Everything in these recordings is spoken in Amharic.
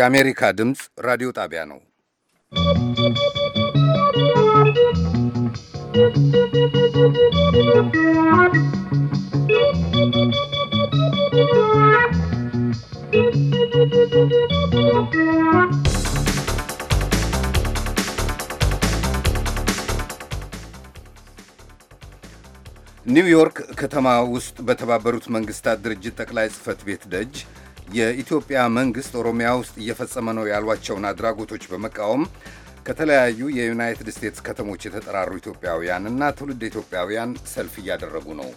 የአሜሪካ ድምፅ ራዲዮ ጣቢያ ነው። ኒውዮርክ ከተማ ውስጥ በተባበሩት መንግስታት ድርጅት ጠቅላይ ጽህፈት ቤት ደጅ የኢትዮጵያ መንግስት ኦሮሚያ ውስጥ እየፈጸመ ነው ያሏቸውን አድራጎቶች በመቃወም ከተለያዩ የዩናይትድ ስቴትስ ከተሞች የተጠራሩ ኢትዮጵያውያን እና ትውልድ ኢትዮጵያውያን ሰልፍ እያደረጉ ነው።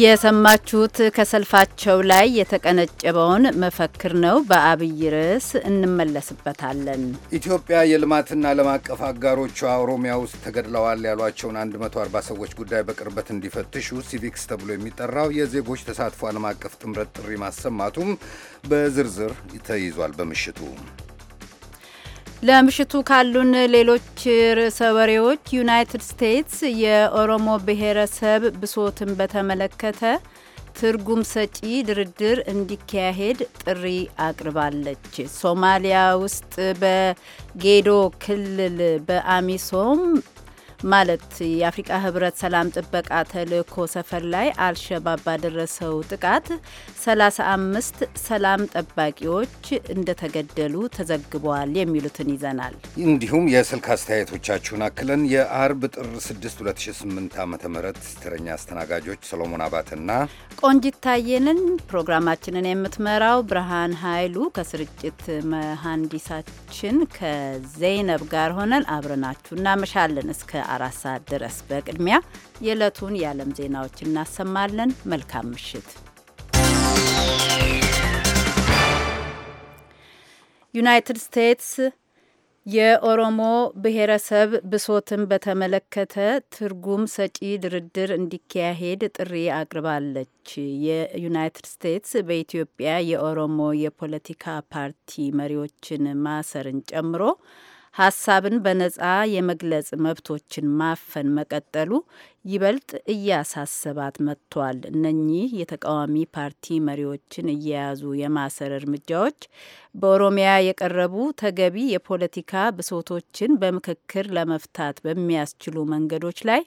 የሰማችሁት ከሰልፋቸው ላይ የተቀነጨበውን መፈክር ነው። በአብይ ርዕስ እንመለስበታለን። ኢትዮጵያ የልማትና ዓለም አቀፍ አጋሮቿ ኦሮሚያ ውስጥ ተገድለዋል ያሏቸውን 140 ሰዎች ጉዳይ በቅርበት እንዲፈትሹ ሲቪክስ ተብሎ የሚጠራው የዜጎች ተሳትፎ ዓለም አቀፍ ጥምረት ጥሪ ማሰማቱም በዝርዝር ተይዟል በምሽቱ ለምሽቱ ካሉን ሌሎች ርዕሰ ወሬዎች ዩናይትድ ስቴትስ የኦሮሞ ብሔረሰብ ብሶትን በተመለከተ ትርጉም ሰጪ ድርድር እንዲካሄድ ጥሪ አቅርባለች። ሶማሊያ ውስጥ በጌዶ ክልል በአሚሶም ማለት የአፍሪቃ ህብረት ሰላም ጥበቃ ተልእኮ ሰፈር ላይ አልሸባብ ባደረሰው ጥቃት 35 ሰላም ጠባቂዎች እንደተገደሉ ተዘግበዋል የሚሉትን ይዘናል። እንዲሁም የስልክ አስተያየቶቻችሁን አክለን የአርብ ጥር 6 2008 ዓ ም ተረኛ አስተናጋጆች ሰሎሞን አባትና ቆንጂት ታየንን ፕሮግራማችንን የምትመራው ብርሃን ኃይሉ ከስርጭት መሐንዲሳችን ከዘይነብ ጋር ሆነን አብረናችሁ እናመሻለን እስከ አራት ሰዓት ድረስ። በቅድሚያ የዕለቱን የዓለም ዜናዎች እናሰማለን። መልካም ምሽት። ዩናይትድ ስቴትስ የኦሮሞ ብሔረሰብ ብሶትን በተመለከተ ትርጉም ሰጪ ድርድር እንዲካሄድ ጥሪ አቅርባለች። የዩናይትድ ስቴትስ በኢትዮጵያ የኦሮሞ የፖለቲካ ፓርቲ መሪዎችን ማሰርን ጨምሮ ሀሳብን በነጻ የመግለጽ መብቶችን ማፈን መቀጠሉ ይበልጥ እያሳሰባት መጥቷል። እነኚህ የተቃዋሚ ፓርቲ መሪዎችን እየያዙ የማሰር እርምጃዎች በኦሮሚያ የቀረቡ ተገቢ የፖለቲካ ብሶቶችን በምክክር ለመፍታት በሚያስችሉ መንገዶች ላይ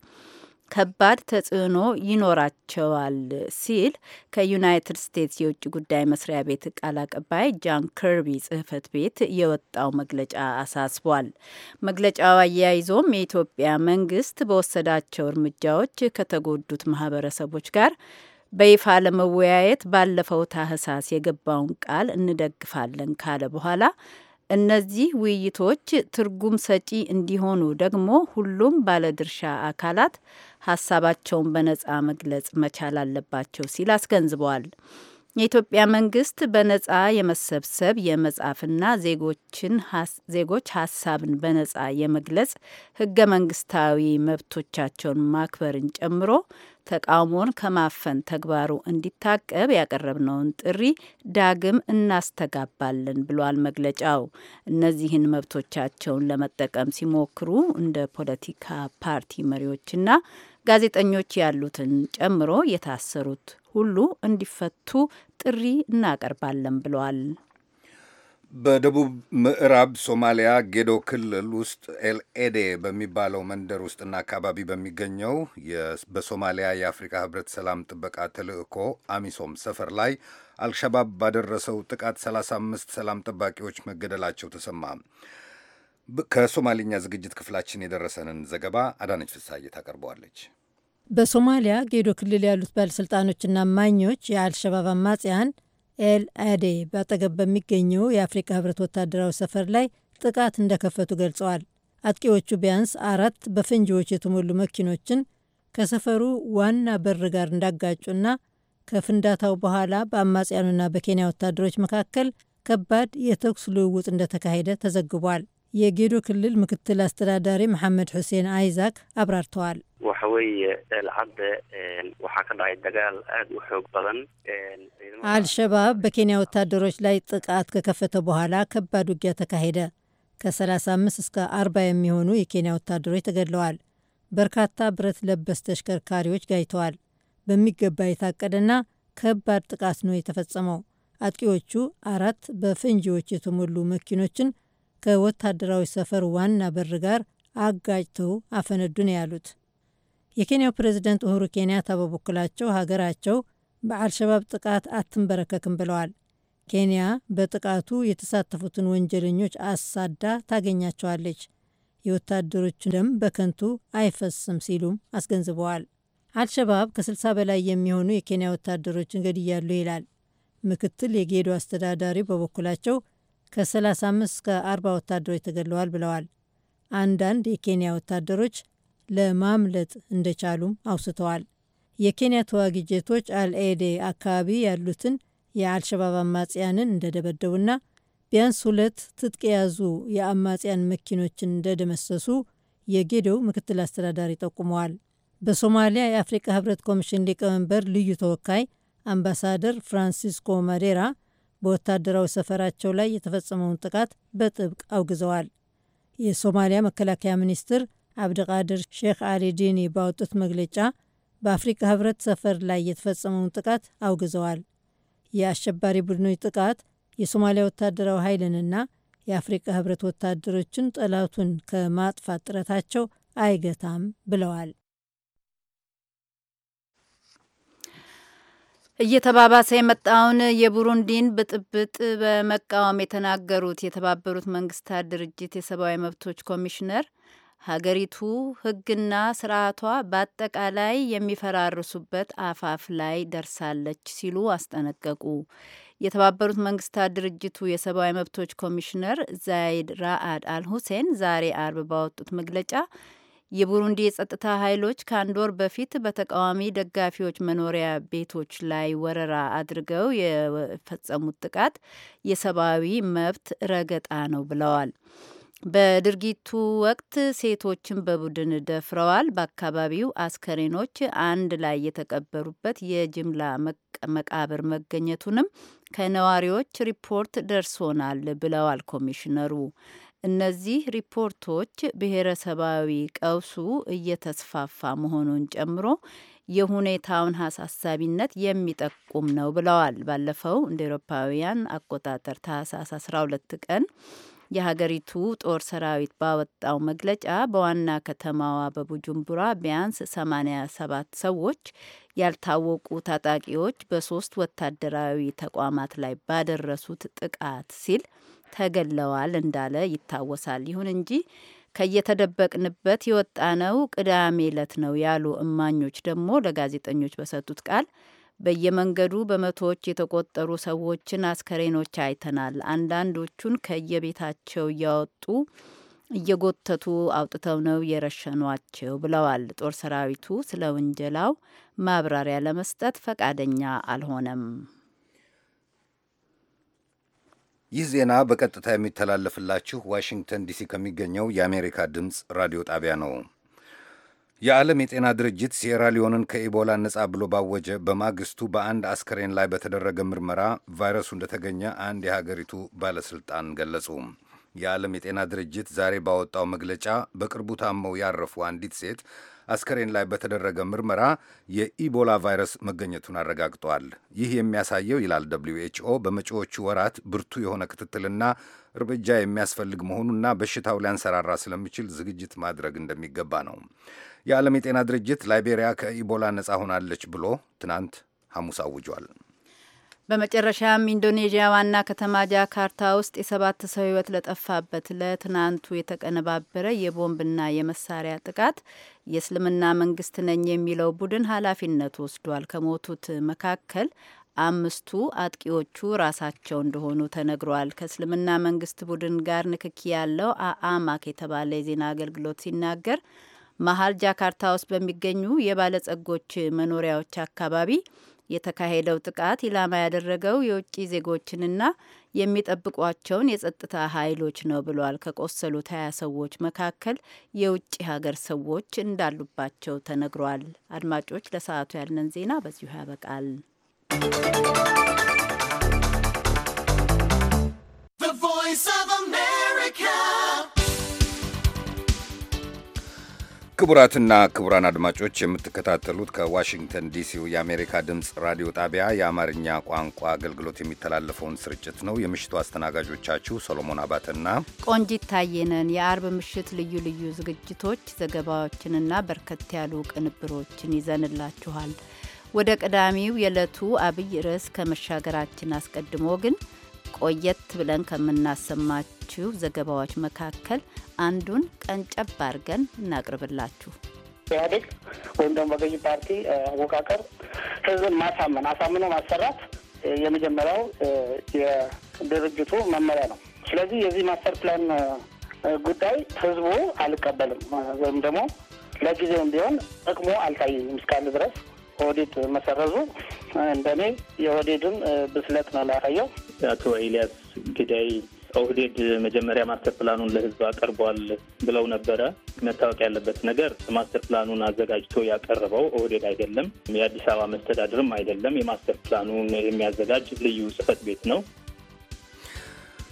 ከባድ ተጽዕኖ ይኖራቸዋል ሲል ከዩናይትድ ስቴትስ የውጭ ጉዳይ መስሪያ ቤት ቃል አቀባይ ጃን ከርቢ ጽህፈት ቤት የወጣው መግለጫ አሳስቧል። መግለጫው አያይዞም የኢትዮጵያ መንግስት በወሰዳቸው እርምጃዎች ከተጎዱት ማህበረሰቦች ጋር በይፋ ለመወያየት ባለፈው ታህሳስ የገባውን ቃል እንደግፋለን ካለ በኋላ እነዚህ ውይይቶች ትርጉም ሰጪ እንዲሆኑ ደግሞ ሁሉም ባለድርሻ አካላት ሀሳባቸውን በነጻ መግለጽ መቻል አለባቸው ሲል አስገንዝበዋል። የኢትዮጵያ መንግስት በነጻ የመሰብሰብ የመጻፍና ዜጎች ሀሳብን በነጻ የመግለጽ ህገ መንግስታዊ መብቶቻቸውን ማክበርን ጨምሮ ተቃውሞን ከማፈን ተግባሩ እንዲታቀብ ያቀረብነውን ጥሪ ዳግም እናስተጋባለን ብሏል መግለጫው። እነዚህን መብቶቻቸውን ለመጠቀም ሲሞክሩ እንደ ፖለቲካ ፓርቲ መሪዎችና ጋዜጠኞች ያሉትን ጨምሮ የታሰሩት ሁሉ እንዲፈቱ ጥሪ እናቀርባለን ብለዋል። በደቡብ ምዕራብ ሶማሊያ ጌዶ ክልል ውስጥ ኤልኤዴ በሚባለው መንደር ውስጥና አካባቢ በሚገኘው በሶማሊያ የአፍሪካ ህብረት ሰላም ጥበቃ ተልዕኮ አሚሶም ሰፈር ላይ አልሸባብ ባደረሰው ጥቃት 35 ሰላም ጠባቂዎች መገደላቸው ተሰማ። ከሶማሊኛ ዝግጅት ክፍላችን የደረሰንን ዘገባ አዳነች ፍሳዬ ታቀርበዋለች። በሶማሊያ ጌዶ ክልል ያሉት ባለሥልጣኖችና ማኞች የአልሸባብ አማጽያን ኤል አዴ በአጠገብ በሚገኘው የአፍሪካ ህብረት ወታደራዊ ሰፈር ላይ ጥቃት እንደከፈቱ ገልጸዋል። አጥቂዎቹ ቢያንስ አራት በፈንጂዎች የተሞሉ መኪኖችን ከሰፈሩ ዋና በር ጋር እንዳጋጩና ከፍንዳታው በኋላ በአማጽያኑና በኬንያ ወታደሮች መካከል ከባድ የተኩስ ልውውጥ እንደተካሄደ ተዘግቧል። የጌዶ ክልል ምክትል አስተዳዳሪ መሐመድ ሑሴን አይዛክ አብራርተዋል። አልሸባብ በኬንያ ወታደሮች ላይ ጥቃት ከከፈተ በኋላ ከባድ ውጊያ ተካሄደ። ከ35 እስከ 40 የሚሆኑ የኬንያ ወታደሮች ተገድለዋል። በርካታ ብረት ለበስ ተሽከርካሪዎች ጋይተዋል። በሚገባ የታቀደና ከባድ ጥቃት ነው የተፈጸመው። አጥቂዎቹ አራት በፈንጂዎች የተሞሉ መኪኖችን ከወታደራዊ ሰፈር ዋና በር ጋር አጋጭተው አፈነዱ ነው ያሉት። የኬንያው ፕሬዚደንት ኡሁሩ ኬንያታ በበኩላቸው ሀገራቸው በአልሸባብ ጥቃት አትንበረከክም ብለዋል። ኬንያ በጥቃቱ የተሳተፉትን ወንጀለኞች አሳዳ ታገኛቸዋለች፣ የወታደሮች ደም በከንቱ አይፈስም ሲሉም አስገንዝበዋል። አልሸባብ ከ60 በላይ የሚሆኑ የኬንያ ወታደሮችን ገድያሉ ይላል። ምክትል የጌዶ አስተዳዳሪ በበኩላቸው ከ35 እስከ 40 ወታደሮች ተገድለዋል ብለዋል። አንዳንድ የኬንያ ወታደሮች ለማምለጥ እንደቻሉም አውስተዋል። የኬንያ ተዋጊ ጄቶች አልኤዴ አካባቢ ያሉትን የአልሸባብ አማጽያንን እንደደበደቡና ቢያንስ ሁለት ትጥቅ የያዙ የአማጽያን መኪኖችን እንደደመሰሱ የጌዴው ምክትል አስተዳዳሪ ጠቁመዋል። በሶማሊያ የአፍሪካ ህብረት ኮሚሽን ሊቀመንበር ልዩ ተወካይ አምባሳደር ፍራንሲስኮ ማዴራ በወታደራዊ ሰፈራቸው ላይ የተፈጸመውን ጥቃት በጥብቅ አውግዘዋል። የሶማሊያ መከላከያ ሚኒስትር አብድቃድር ሼክ አሊ ዲኒ ባወጡት መግለጫ በአፍሪካ ህብረት ሰፈር ላይ የተፈጸመውን ጥቃት አውግዘዋል። የአሸባሪ ቡድኖች ጥቃት የሶማሊያ ወታደራዊ ኃይልንና የአፍሪካ ህብረት ወታደሮችን ጠላቱን ከማጥፋት ጥረታቸው አይገታም ብለዋል። እየተባባሰ የመጣውን የቡሩንዲን ብጥብጥ በመቃወም የተናገሩት የተባበሩት መንግስታት ድርጅት የሰብአዊ መብቶች ኮሚሽነር ሀገሪቱ ሕግና ስርዓቷ በአጠቃላይ የሚፈራርሱበት አፋፍ ላይ ደርሳለች ሲሉ አስጠነቀቁ። የተባበሩት መንግስታት ድርጅቱ የሰብአዊ መብቶች ኮሚሽነር ዛይድ ራአድ አልሁሴን ዛሬ አርብ ባወጡት መግለጫ የቡሩንዲ የጸጥታ ኃይሎች ከአንድ ወር በፊት በተቃዋሚ ደጋፊዎች መኖሪያ ቤቶች ላይ ወረራ አድርገው የፈጸሙት ጥቃት የሰብአዊ መብት ረገጣ ነው ብለዋል። በድርጊቱ ወቅት ሴቶችን በቡድን ደፍረዋል። በአካባቢው አስከሬኖች አንድ ላይ የተቀበሩበት የጅምላ መቃብር መገኘቱንም ከነዋሪዎች ሪፖርት ደርሶናል ብለዋል ኮሚሽነሩ። እነዚህ ሪፖርቶች ብሔረሰባዊ ቀውሱ እየተስፋፋ መሆኑን ጨምሮ የሁኔታውን አሳሳቢነት የሚጠቁም ነው ብለዋል። ባለፈው እንደ ኤሮፓውያን አቆጣጠር ታህሳስ 12 ቀን የሀገሪቱ ጦር ሰራዊት ባወጣው መግለጫ በዋና ከተማዋ በቡጁምቡራ ቢያንስ 87 ሰዎች ያልታወቁ ታጣቂዎች በሶስት ወታደራዊ ተቋማት ላይ ባደረሱት ጥቃት ሲል ተገለዋል እንዳለ ይታወሳል። ይሁን እንጂ ከየተደበቅንበት የወጣነው ቅዳሜ ዕለት ነው ያሉ እማኞች ደግሞ ለጋዜጠኞች በሰጡት ቃል በየመንገዱ በመቶዎች የተቆጠሩ ሰዎችን አስከሬኖች አይተናል። አንዳንዶቹን ከየቤታቸው እያወጡ እየጎተቱ አውጥተው ነው የረሸኗቸው ብለዋል። ጦር ሰራዊቱ ስለ ውንጀላው ማብራሪያ ለመስጠት ፈቃደኛ አልሆነም። ይህ ዜና በቀጥታ የሚተላለፍላችሁ ዋሽንግተን ዲሲ ከሚገኘው የአሜሪካ ድምፅ ራዲዮ ጣቢያ ነው። የዓለም የጤና ድርጅት ሊዮንን ከኢቦላ ነጻ ብሎ ባወጀ በማግስቱ በአንድ አስከሬን ላይ በተደረገ ምርመራ ቫይረሱ እንደተገኘ አንድ የሀገሪቱ ባለሥልጣን ገለጹ። የዓለም የጤና ድርጅት ዛሬ ባወጣው መግለጫ በቅርቡ ታመው ያረፉ አንዲት ሴት አስከሬን ላይ በተደረገ ምርመራ የኢቦላ ቫይረስ መገኘቱን አረጋግጧል። ይህ የሚያሳየው ይላል ደብሊው ኤችኦ በመጪዎቹ ወራት ብርቱ የሆነ ክትትልና እርምጃ የሚያስፈልግ መሆኑና በሽታው ሊያንሰራራ ስለሚችል ዝግጅት ማድረግ እንደሚገባ ነው። የዓለም የጤና ድርጅት ላይቤሪያ ከኢቦላ ነፃ ሆናለች ብሎ ትናንት ሐሙስ አውጇል። በመጨረሻም ኢንዶኔዥያ ዋና ከተማ ጃካርታ ውስጥ የሰባት ሰው ሕይወት ለጠፋበት ለትናንቱ የተቀነባበረ የቦምብና የመሳሪያ ጥቃት የእስልምና መንግስት ነኝ የሚለው ቡድን ኃላፊነት ወስዷል። ከሞቱት መካከል አምስቱ አጥቂዎቹ ራሳቸው እንደሆኑ ተነግሯል። ከእስልምና መንግስት ቡድን ጋር ንክኪ ያለው አአማክ የተባለ የዜና አገልግሎት ሲናገር መሀል ጃካርታ ውስጥ በሚገኙ የባለጸጎች መኖሪያዎች አካባቢ የተካሄደው ጥቃት ኢላማ ያደረገው የውጭ ዜጎችንና የሚጠብቋቸውን የጸጥታ ኃይሎች ነው ብሏል። ከቆሰሉት ሀያ ሰዎች መካከል የውጭ ሀገር ሰዎች እንዳሉባቸው ተነግሯል። አድማጮች፣ ለሰዓቱ ያለን ዜና በዚሁ ያበቃል። ቮይስ ኦፍ አሜሪካ ክቡራትና ክቡራን አድማጮች የምትከታተሉት ከዋሽንግተን ዲሲው የአሜሪካ ድምፅ ራዲዮ ጣቢያ የአማርኛ ቋንቋ አገልግሎት የሚተላለፈውን ስርጭት ነው። የምሽቱ አስተናጋጆቻችሁ ሶሎሞን አባተና ቆንጂት ታየነን። የአርብ ምሽት ልዩ ልዩ ዝግጅቶች፣ ዘገባዎችንና በርከት ያሉ ቅንብሮችን ይዘንላችኋል። ወደ ቀዳሚው የዕለቱ አብይ ርዕስ ከመሻገራችን አስቀድሞ ግን ቆየት ብለን ከምናሰማ ። ካሏችሁ ዘገባዎች መካከል አንዱን ቀንጨብ አድርገን እናቅርብላችሁ። ኢህአዴግ ወይም ደግሞ በገዢ ፓርቲ አወቃቀር ህዝብን ማሳመን አሳምኖ ማሰራት የመጀመሪያው የድርጅቱ መመሪያ ነው። ስለዚህ የዚህ ማስተር ፕላን ጉዳይ ህዝቡ አልቀበልም ወይም ደግሞ ለጊዜውም ቢሆን ጥቅሙ አልታየኝም እስካለ ድረስ ኦህዴድ መሰረዙ እንደኔ የኦህዴድን ብስለት ነው ላያሳየው። አቶ ኤልያስ ግዳይ ኦህዴድ መጀመሪያ ማስተር ፕላኑን ለህዝብ አቀርቧል ብለው ነበረ። መታወቅ ያለበት ነገር ማስተር ፕላኑን አዘጋጅቶ ያቀረበው ኦህዴድ አይደለም፣ የአዲስ አበባ መስተዳድርም አይደለም። የማስተር ፕላኑን የሚያዘጋጅ ልዩ ጽህፈት ቤት ነው።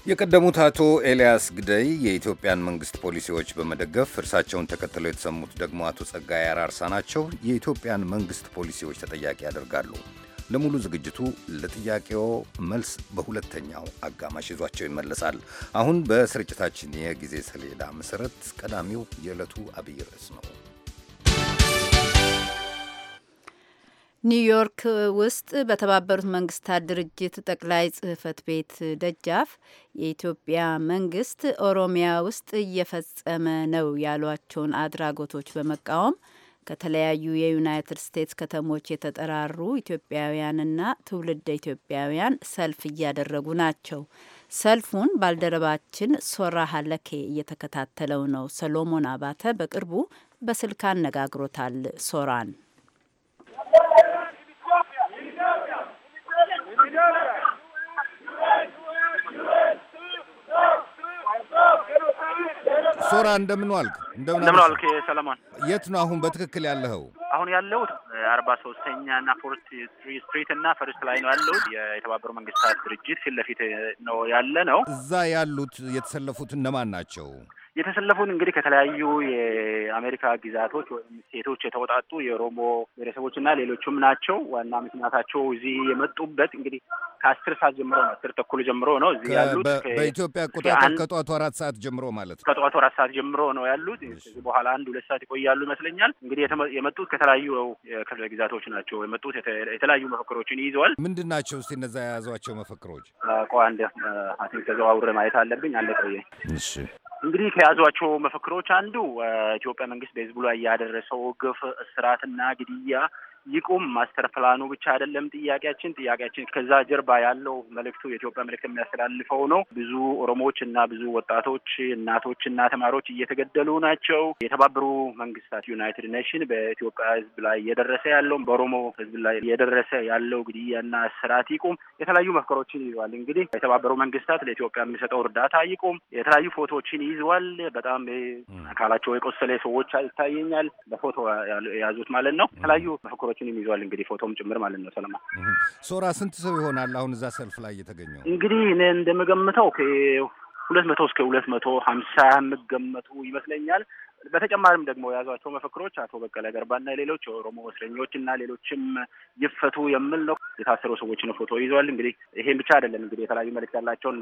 የቀደሙት አቶ ኤልያስ ግደይ የኢትዮጵያን መንግስት ፖሊሲዎች በመደገፍ እርሳቸውን ተከትለው የተሰሙት ደግሞ አቶ ጸጋዬ አራርሳ ናቸው። የኢትዮጵያን መንግስት ፖሊሲዎች ተጠያቂ ያደርጋሉ። ለሙሉ ዝግጅቱ ለጥያቄው መልስ በሁለተኛው አጋማሽ ይዟቸው ይመለሳል። አሁን በስርጭታችን የጊዜ ሰሌዳ መሰረት ቀዳሚው የዕለቱ አብይ ርዕስ ነው። ኒውዮርክ ውስጥ በተባበሩት መንግስታት ድርጅት ጠቅላይ ጽህፈት ቤት ደጃፍ የኢትዮጵያ መንግስት ኦሮሚያ ውስጥ እየፈጸመ ነው ያሏቸውን አድራጎቶች በመቃወም ከተለያዩ የዩናይትድ ስቴትስ ከተሞች የተጠራሩ ኢትዮጵያውያንና ትውልደ ኢትዮጵያውያን ሰልፍ እያደረጉ ናቸው። ሰልፉን ባልደረባችን ሶራ ሀለኬ እየተከታተለው ነው። ሰሎሞን አባተ በቅርቡ በስልክ አነጋግሮታል ሶራን ሶራ እንደምን ዋልክ? እንደምን ዋልክ ሰለሞን። የት ነው አሁን በትክክል ያለኸው? አሁን ያለሁት አርባ ሶስተኛ እና ፎርት ስትሪት እና ፈርስት ላይ ነው ያለሁት። የተባበሩ መንግስታት ድርጅት ፊት ለፊት ነው ያለ ነው። እዛ ያሉት የተሰለፉት እነማን ናቸው? የተሰለፉን እንግዲህ ከተለያዩ የአሜሪካ ግዛቶች ወይም ሴቶች የተወጣጡ የኦሮሞ ብሔረሰቦች እና ሌሎችም ናቸው። ዋና ምክንያታቸው እዚህ የመጡበት እንግዲህ ከአስር ሰዓት ጀምሮ ነው አስር ተኩል ጀምሮ ነው እዚህ ያሉት በኢትዮጵያ አቆጣጠር ከጠዋቱ አራት ሰዓት ጀምሮ ማለት ነው። ከጠዋቱ አራት ሰዓት ጀምሮ ነው ያሉት። ከዚህ በኋላ አንድ ሁለት ሰዓት ይቆያሉ ይመስለኛል። እንግዲህ የመጡት ከተለያዩ ክፍለ ግዛቶች ናቸው የመጡት። የተለያዩ መፈክሮችን ይዘዋል። ምንድን ናቸው እስቲ እነዛ የያዟቸው መፈክሮች? ቆይ አንድ አይ ቲንክ ተዘዋውረ ማየት አለብኝ። አለ ቆየ እሺ እንግዲህ ከያዟቸው መፈክሮች አንዱ ኢትዮጵያ መንግስት በህዝቡ ላይ ያደረሰው ግፍ፣ እስራትና ግድያ ይቁም። ማስተር ፕላኑ ብቻ አይደለም ጥያቄያችን ጥያቄያችን ከዛ ጀርባ ያለው መልእክቱ የኢትዮጵያ መልእክት የሚያስተላልፈው ነው። ብዙ ኦሮሞዎች እና ብዙ ወጣቶች እናቶች እና ተማሪዎች እየተገደሉ ናቸው። የተባበሩ መንግስታት ዩናይትድ ኔሽን በኢትዮጵያ ህዝብ ላይ እየደረሰ ያለው በኦሮሞ ህዝብ ላይ እየደረሰ ያለው ግድያና ስርዓት ይቁም። የተለያዩ መፍከሮችን ይዘዋል። እንግዲህ የተባበሩ መንግስታት ለኢትዮጵያ የሚሰጠው እርዳታ ይቁም። የተለያዩ ፎቶዎችን ይዘዋል። በጣም አካላቸው የቆሰለ ሰዎች ይታየኛል። በፎቶ የያዙት ማለት ነው። የተለያዩ መፈክሮች ሀሳቦችንም ይዟል። እንግዲህ ፎቶም ጭምር ማለት ነው። ሰለማ ሶራ፣ ስንት ሰው ይሆናል አሁን እዛ ሰልፍ ላይ የተገኘው? እንግዲህ እንደምገምተው ሁለት መቶ እስከ ሁለት መቶ ሀምሳ የምገመቱ ይመስለኛል። በተጨማሪም ደግሞ የያዟቸው መፈክሮች አቶ በቀለ ገርባና ሌሎች የኦሮሞ እስረኞች እና ሌሎችም ይፈቱ የሚል ነው። የታሰሩ ነው ፎቶ ይዘዋል። እንግዲህ ይሄን ብቻ አይደለም። እንግዲህ የተለያዩ መልክት ያላቸውን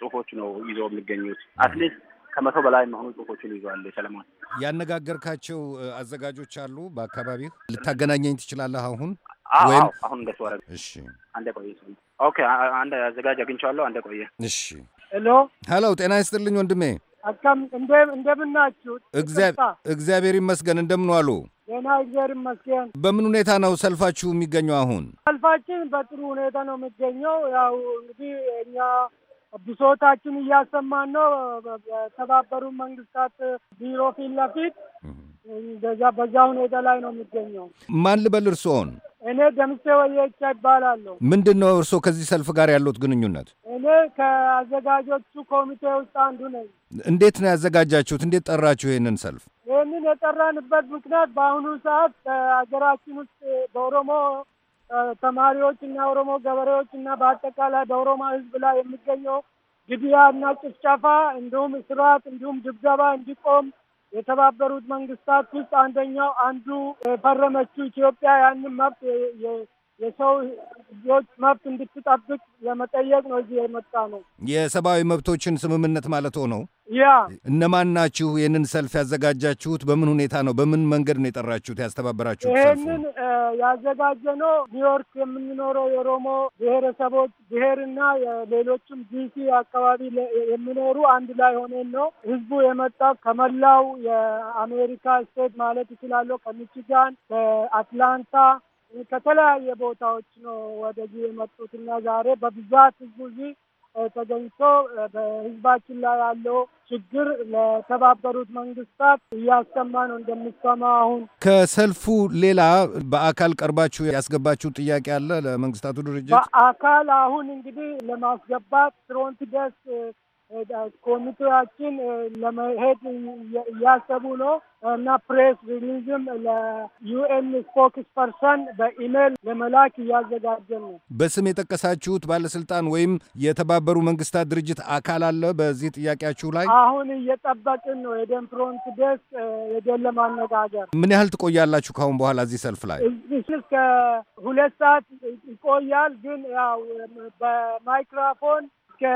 ጽሁፎች ነው ይዘው የሚገኙት አትሊስት ከመቶ በላይ የሚሆኑ ጽሁፎችን ይዟል። ሰለሞን ያነጋገርካቸው አዘጋጆች አሉ በአካባቢው ልታገናኘኝ ትችላለህ አሁን ወይም አሁን እንደተወረደ? እሺ፣ አንዴ ቆየ። ኦኬ፣ አንድ አዘጋጅ አግኝቼዋለሁ። አንዴ ቆየ። እሺ። ሄሎ ሄሎ፣ ጤና ይስጥልኝ ወንድሜ አካም እንደምን ናችሁ? እግዚአብሔር ይመስገን። እንደምን ዋሉ? ዜና እግዚአብሔር ይመስገን። በምን ሁኔታ ነው ሰልፋችሁ የሚገኘው አሁን? ሰልፋችን በጥሩ ሁኔታ ነው የሚገኘው። ያው እንግዲህ እኛ ብሶታችን እያሰማን ነው። በተባበሩ መንግስታት ቢሮ ፊት ለፊት በዛ ሁኔታ ላይ ነው የሚገኘው። ማን ልበል እርስዎን? እኔ ደምሴ ወየቻ ይባላለሁ። ምንድን ነው እርስዎ ከዚህ ሰልፍ ጋር ያሉት ግንኙነት? እኔ ከአዘጋጆቹ ኮሚቴ ውስጥ አንዱ ነኝ። እንዴት ነው ያዘጋጃችሁት? እንዴት ጠራችሁ ይህንን ሰልፍ? ይህንን የጠራንበት ምክንያት በአሁኑ ሰዓት በሀገራችን ውስጥ በኦሮሞ ተማሪዎች እና ኦሮሞ ገበሬዎች እና በአጠቃላይ በኦሮማ ህዝብ ላይ የሚገኘው ግድያ እና ጭፍጨፋ እንዲሁም እስራት እንዲሁም ድብደባ እንዲቆም የተባበሩት መንግስታት ውስጥ አንደኛው አንዱ የፈረመችው ኢትዮጵያ ያንን መብት የሰው ልጆች መብት እንድትጠብቅ ለመጠየቅ ነው እዚህ የመጣ ነው። የሰብአዊ መብቶችን ስምምነት ማለት ነው። ያ እነማን ናችሁ? ይህንን ሰልፍ ያዘጋጃችሁት በምን ሁኔታ ነው? በምን መንገድ ነው የጠራችሁት? ያስተባበራችሁት? ይህንን ነው። ኒውዮርክ የምንኖረው የኦሮሞ ብሔረሰቦች ብሔርና ሌሎችም ዲሲ አካባቢ የሚኖሩ አንድ ላይ ሆነን ነው። ህዝቡ የመጣ ከመላው የአሜሪካ ስቴት ማለት ይችላለሁ ከሚችጋን፣ ከአትላንታ ከተለያየ ቦታዎች ነው ወደዚህ የመጡትና ዛሬ በብዛት ህዝቡ እዚህ ተገኝቶ በህዝባችን ላይ ያለው ችግር ለተባበሩት መንግስታት እያሰማ ነው እንደሚሰማ አሁን ከሰልፉ ሌላ በአካል ቀርባችሁ ያስገባችሁ ጥያቄ አለ ለመንግስታቱ ድርጅት በአካል አሁን እንግዲህ ለማስገባት ፍሮንት ደስ ኮሚቴዎችን ለመሄድ እያሰቡ ነው እና ፕሬስ ሪሊዝም ለዩኤን ስፖክስ ፐርሰን በኢሜይል ለመላክ እያዘጋጀ ነው። በስም የጠቀሳችሁት ባለስልጣን ወይም የተባበሩ መንግስታት ድርጅት አካል አለ በዚህ ጥያቄያችሁ ላይ? አሁን እየጠበቅን ነው። የደን ፍሮንት ደስ የደን ለማነጋገር ምን ያህል ትቆያላችሁ? ከአሁን በኋላ እዚህ ሰልፍ ላይ እስከ ሁለት ሰዓት ይቆያል። ግን ያው በማይክሮፎን እስከ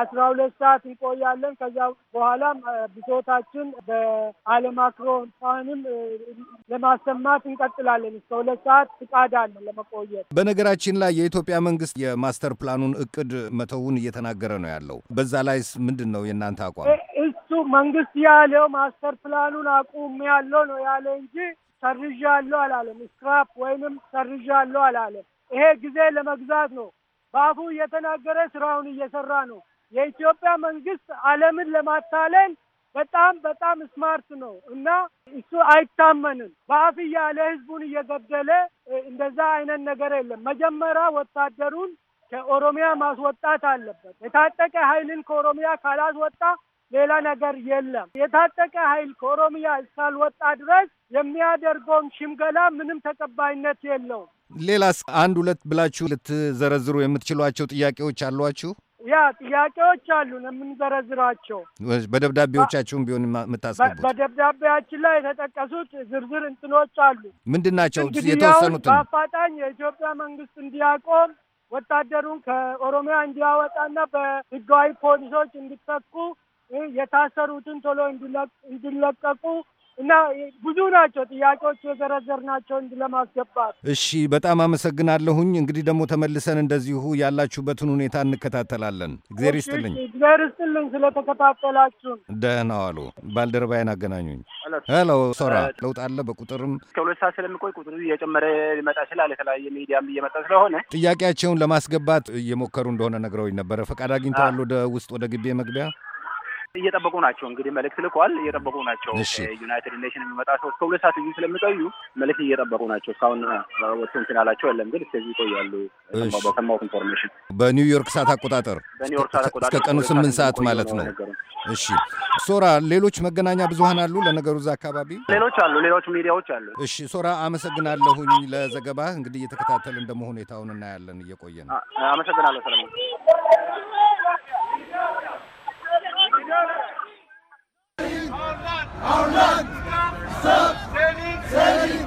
አስራ ሁለት ሰዓት እንቆያለን። ከዛ በኋላም ብሶታችን በአለማክሮንም ለማሰማት እንቀጥላለን። እስከ ሁለት ሰዓት ፍቃድ አለን ለመቆየት። በነገራችን ላይ የኢትዮጵያ መንግስት የማስተር ፕላኑን እቅድ መተውን እየተናገረ ነው ያለው። በዛ ላይስ ምንድን ነው የእናንተ አቋም? እሱ መንግስት ያለው ማስተር ፕላኑን አቁም ያለው ነው ያለ እንጂ ሰርዣ አለው አላለም። ስክራፕ ወይንም ሰርዣ አላለም። ይሄ ጊዜ ለመግዛት ነው። በአፉ እየተናገረ ስራውን እየሰራ ነው። የኢትዮጵያ መንግስት ዓለምን ለማታለል በጣም በጣም ስማርት ነው እና እሱ አይታመንም። በአፍ እያለ ህዝቡን እየገደለ እንደዛ አይነት ነገር የለም። መጀመሪያ ወታደሩን ከኦሮሚያ ማስወጣት አለበት። የታጠቀ ኃይልን ከኦሮሚያ ካላስወጣ ሌላ ነገር የለም። የታጠቀ ኃይል ከኦሮሚያ እስካልወጣ ድረስ የሚያደርገውን ሽምገላ ምንም ተቀባይነት የለውም። ሌላስ አንድ ሁለት ብላችሁ ልትዘረዝሩ የምትችሏቸው ጥያቄዎች አሏችሁ? ያ ጥያቄዎች አሉን የምንዘረዝራቸው በደብዳቤዎቻችሁም ቢሆን የምታስገቡት በደብዳቤያችን ላይ የተጠቀሱት ዝርዝር እንትኖች አሉ። ምንድን ናቸው? የተወሰኑት በአፋጣኝ የኢትዮጵያ መንግስት እንዲያቆም ወታደሩን ከኦሮሚያ እንዲያወጣና በህጋዊ ፖሊሶች እንዲተኩ የታሰሩትን ቶሎ እንዲለቀቁ እና ብዙ ናቸው ጥያቄዎች የዘረዘር ናቸው እንዲ ለማስገባት። እሺ በጣም አመሰግናለሁኝ። እንግዲህ ደግሞ ተመልሰን እንደዚሁ ያላችሁበትን ሁኔታ እንከታተላለን። እግዜር ይስጥልኝ። እግዜር ይስጥልኝ ስለተከታተላችሁን። ደህና ዋሉ። ባልደረባዬን አገናኙኝ። ሄሎ ሶራ፣ ለውጥ አለ በቁጥርም ከሁለት ሰዓት ስለሚቆይ ቁጥሩ እየጨመረ ሊመጣ ይችላል። የተለያየ ሚዲያም እየመጣ ስለሆነ ጥያቄያቸውን ለማስገባት እየሞከሩ እንደሆነ ነግረውኝ ነበረ። ፈቃድ አግኝተዋል ወደ ውስጥ ወደ ግቢ መግቢያ እየጠበቁ ናቸው። እንግዲህ መልእክት ልኳል፣ እየጠበቁ ናቸው። ዩናይትድ ኔሽን የሚመጣ ሰው እስከ ሁለት ሰዓት እዩ ስለሚቆዩ መልእክት እየጠበቁ ናቸው። እስካሁን ወጥቶ እንትን አላቸው የለም፣ ግን እስከዚህ ይቆያሉ። በሰማሁት ኢንፎርሜሽን በኒውዮርክ ሰዓት አቆጣጠር በኒውዮርክ ሰዓት አቆጣጠር እስከ ቀኑ ስምንት ሰዓት ማለት ነው። እሺ ሶራ፣ ሌሎች መገናኛ ብዙሀን አሉ ለነገሩ እዛ አካባቢ ሌሎች አሉ፣ ሌሎች ሚዲያዎች አሉ። እሺ ሶራ፣ አመሰግናለሁኝ ለዘገባህ። እንግዲህ እየተከታተል እንደመሆኑ ሁኔታውን እናያለን። እየቆየ ነው። አመሰግናለሁ ሰለሞን። our land,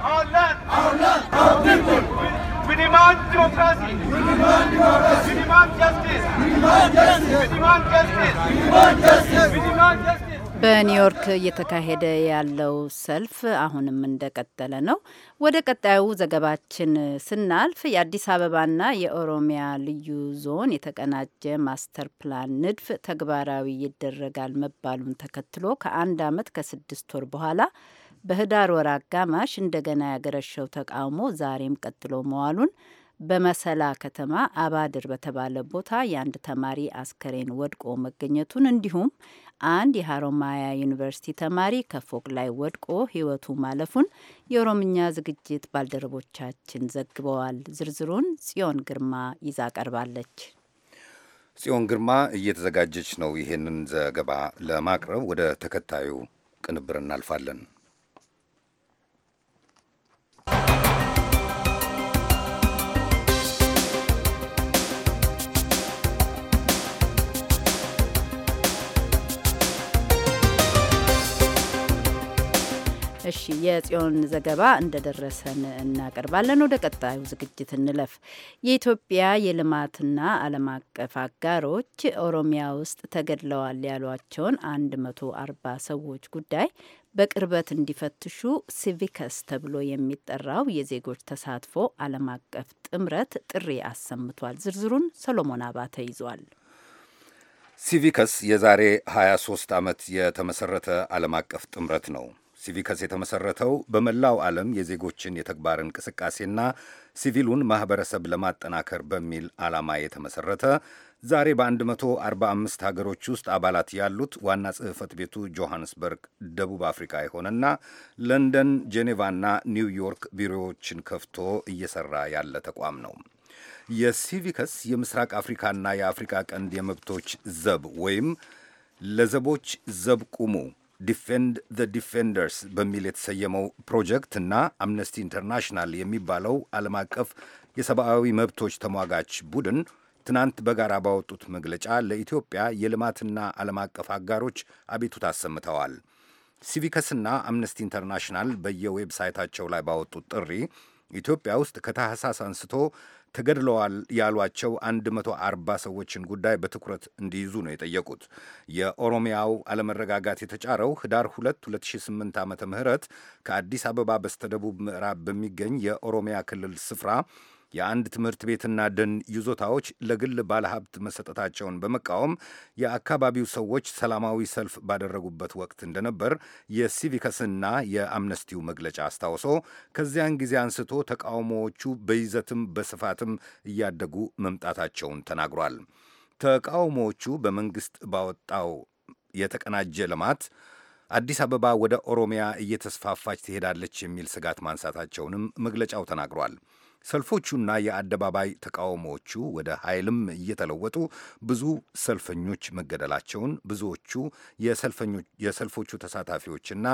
our land, our We demand democracy. We demand We demand justice. We demand justice. We demand justice. We demand justice. በኒውዮርክ እየተካሄደ ያለው ሰልፍ አሁንም እንደቀጠለ ነው። ወደ ቀጣዩ ዘገባችን ስናልፍ የአዲስ አበባና የኦሮሚያ ልዩ ዞን የተቀናጀ ማስተር ፕላን ንድፍ ተግባራዊ ይደረጋል መባሉን ተከትሎ ከአንድ ዓመት ከስድስት ወር በኋላ በህዳር ወር አጋማሽ እንደገና ያገረሸው ተቃውሞ ዛሬም ቀጥሎ መዋሉን በመሰላ ከተማ አባድር በተባለ ቦታ የአንድ ተማሪ አስከሬን ወድቆ መገኘቱን እንዲሁም አንድ የሀሮማያ ዩኒቨርሲቲ ተማሪ ከፎቅ ላይ ወድቆ ሕይወቱ ማለፉን የኦሮምኛ ዝግጅት ባልደረቦቻችን ዘግበዋል። ዝርዝሩን ጽዮን ግርማ ይዛ ቀርባለች። ጽዮን ግርማ እየተዘጋጀች ነው። ይሄንን ዘገባ ለማቅረብ ወደ ተከታዩ ቅንብር እናልፋለን። እሺ የጽዮን ዘገባ እንደደረሰን እናቀርባለን። ወደ ቀጣዩ ዝግጅት እንለፍ። የኢትዮጵያ የልማትና ዓለም አቀፍ አጋሮች ኦሮሚያ ውስጥ ተገድለዋል ያሏቸውን 140 ሰዎች ጉዳይ በቅርበት እንዲፈትሹ ሲቪከስ ተብሎ የሚጠራው የዜጎች ተሳትፎ ዓለም አቀፍ ጥምረት ጥሪ አሰምቷል። ዝርዝሩን ሰሎሞን አባተ ይዟል። ሲቪከስ የዛሬ 23 ዓመት የተመሠረተ ዓለም አቀፍ ጥምረት ነው። ሲቪከስ የተመሰረተው በመላው ዓለም የዜጎችን የተግባር እንቅስቃሴና ሲቪሉን ማኅበረሰብ ለማጠናከር በሚል ዓላማ የተመሰረተ ዛሬ በ145 ሀገሮች ውስጥ አባላት ያሉት ዋና ጽሕፈት ቤቱ ጆሐንስበርግ ደቡብ አፍሪካ የሆነና ለንደን፣ ጄኔቫና ኒውዮርክ ቢሮዎችን ከፍቶ እየሰራ ያለ ተቋም ነው። የሲቪከስ የምስራቅ አፍሪካና የአፍሪካ ቀንድ የመብቶች ዘብ ወይም ለዘቦች ዘብ ቁሙ ዲፌንድ ዘ ዲፌንደርስ በሚል የተሰየመው ፕሮጀክት እና አምነስቲ ኢንተርናሽናል የሚባለው ዓለም አቀፍ የሰብአዊ መብቶች ተሟጋች ቡድን ትናንት በጋራ ባወጡት መግለጫ ለኢትዮጵያ የልማትና ዓለም አቀፍ አጋሮች አቤቱታ አሰምተዋል። ሲቪከስና አምነስቲ ኢንተርናሽናል በየዌብሳይታቸው ላይ ባወጡት ጥሪ ኢትዮጵያ ውስጥ ከታህሳስ አንስቶ ተገድለዋል ያሏቸው 140 ሰዎችን ጉዳይ በትኩረት እንዲይዙ ነው የጠየቁት። የኦሮሚያው አለመረጋጋት የተጫረው ህዳር 2 2008 ዓ ም ከአዲስ አበባ በስተደቡብ ምዕራብ በሚገኝ የኦሮሚያ ክልል ስፍራ የአንድ ትምህርት ቤትና ደን ይዞታዎች ለግል ባለሀብት መሰጠታቸውን በመቃወም የአካባቢው ሰዎች ሰላማዊ ሰልፍ ባደረጉበት ወቅት እንደነበር የሲቪከስና የአምነስቲው መግለጫ አስታውሶ ከዚያን ጊዜ አንስቶ ተቃውሞዎቹ በይዘትም በስፋትም እያደጉ መምጣታቸውን ተናግሯል። ተቃውሞዎቹ በመንግሥት ባወጣው የተቀናጀ ልማት አዲስ አበባ ወደ ኦሮሚያ እየተስፋፋች ትሄዳለች የሚል ስጋት ማንሳታቸውንም መግለጫው ተናግሯል። ሰልፎቹና የአደባባይ ተቃውሞዎቹ ወደ ኃይልም እየተለወጡ ብዙ ሰልፈኞች መገደላቸውን ብዙዎቹ የሰልፎቹ ተሳታፊዎችና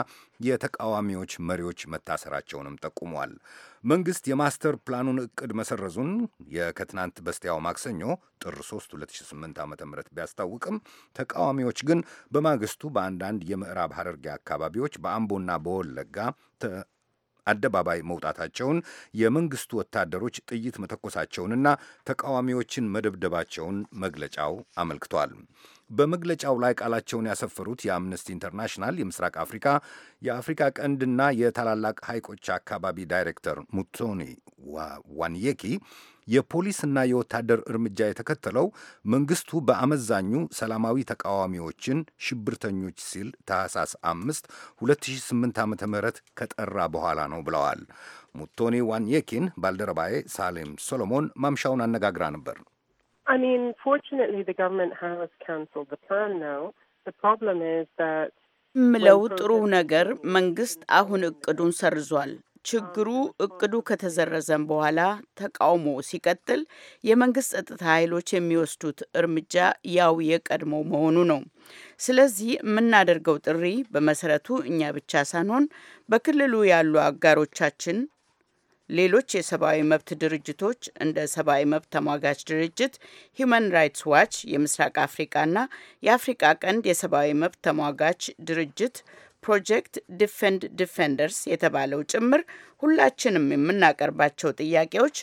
የተቃዋሚዎች መሪዎች መታሰራቸውንም ጠቁመዋል። መንግሥት የማስተር ፕላኑን እቅድ መሰረዙን የከትናንት በስቲያው ማክሰኞ ጥር 3 2008 ዓ ም ቢያስታውቅም ተቃዋሚዎች ግን በማግስቱ በአንዳንድ የምዕራብ ሐረርጌ አካባቢዎች በአምቦና በወለጋ አደባባይ መውጣታቸውን፣ የመንግስቱ ወታደሮች ጥይት መተኮሳቸውንና ተቃዋሚዎችን መደብደባቸውን መግለጫው አመልክቷል። በመግለጫው ላይ ቃላቸውን ያሰፈሩት የአምነስቲ ኢንተርናሽናል የምስራቅ አፍሪካ የአፍሪካ ቀንድና የታላላቅ ሐይቆች አካባቢ ዳይሬክተር ሙቶኒ ዋንየኪ የፖሊስና የወታደር እርምጃ የተከተለው መንግስቱ በአመዛኙ ሰላማዊ ተቃዋሚዎችን ሽብርተኞች ሲል ታህሳስ 5 2008 ዓ ም ከጠራ በኋላ ነው ብለዋል። ሙቶኒ ዋንየኪን ባልደረባዬ ሳሌም ሶሎሞን ማምሻውን አነጋግራ ነበር። ምለው ጥሩ ነገር መንግስት አሁን እቅዱን ሰርዟል። ችግሩ እቅዱ ከተዘረዘም በኋላ ተቃውሞ ሲቀጥል የመንግስት ጸጥታ ኃይሎች የሚወስዱት እርምጃ ያው የቀድሞ መሆኑ ነው። ስለዚህ የምናደርገው ጥሪ በመሰረቱ እኛ ብቻ ሳንሆን በክልሉ ያሉ አጋሮቻችን ሌሎች የሰብአዊ መብት ድርጅቶች እንደ ሰብአዊ መብት ተሟጋች ድርጅት ሂዩማን ራይትስ ዋች፣ የምስራቅ አፍሪቃና የአፍሪቃ ቀንድ የሰብአዊ መብት ተሟጋች ድርጅት ፕሮጀክት ዲፌንድ ዲፌንደርስ የተባለው ጭምር ሁላችንም የምናቀርባቸው ጥያቄዎች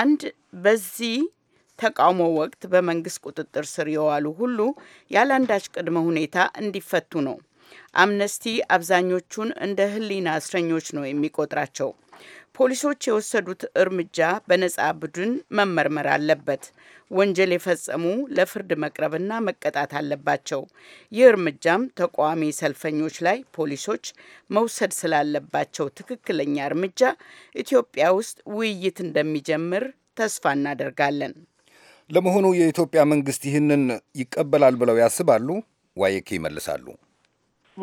አንድ በዚህ ተቃውሞ ወቅት በመንግስት ቁጥጥር ስር የዋሉ ሁሉ ያለአንዳች ቅድመ ሁኔታ እንዲፈቱ ነው። አምነስቲ አብዛኞቹን እንደ ሕሊና እስረኞች ነው የሚቆጥራቸው። ፖሊሶች የወሰዱት እርምጃ በነጻ ቡድን መመርመር አለበት። ወንጀል የፈጸሙ ለፍርድ መቅረብና መቀጣት አለባቸው። ይህ እርምጃም ተቃዋሚ ሰልፈኞች ላይ ፖሊሶች መውሰድ ስላለባቸው ትክክለኛ እርምጃ ኢትዮጵያ ውስጥ ውይይት እንደሚጀምር ተስፋ እናደርጋለን። ለመሆኑ የኢትዮጵያ መንግስት ይህንን ይቀበላል ብለው ያስባሉ? ዋየኬ ይመልሳሉ።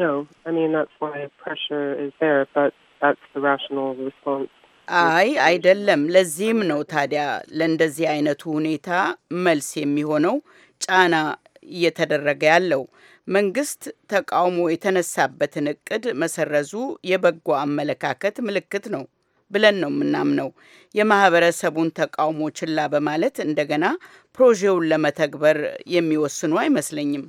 No, I mean that's why pressure is there, but that's the rational response አይ አይደለም። ለዚህም ነው ታዲያ ለእንደዚህ አይነቱ ሁኔታ መልስ የሚሆነው ጫና እየተደረገ ያለው። መንግስት ተቃውሞ የተነሳበትን እቅድ መሰረዙ የበጎ አመለካከት ምልክት ነው ብለን ነው የምናምነው። የማህበረሰቡን ተቃውሞ ችላ በማለት እንደገና ፕሮጄውን ለመተግበር የሚወስኑ አይመስለኝም።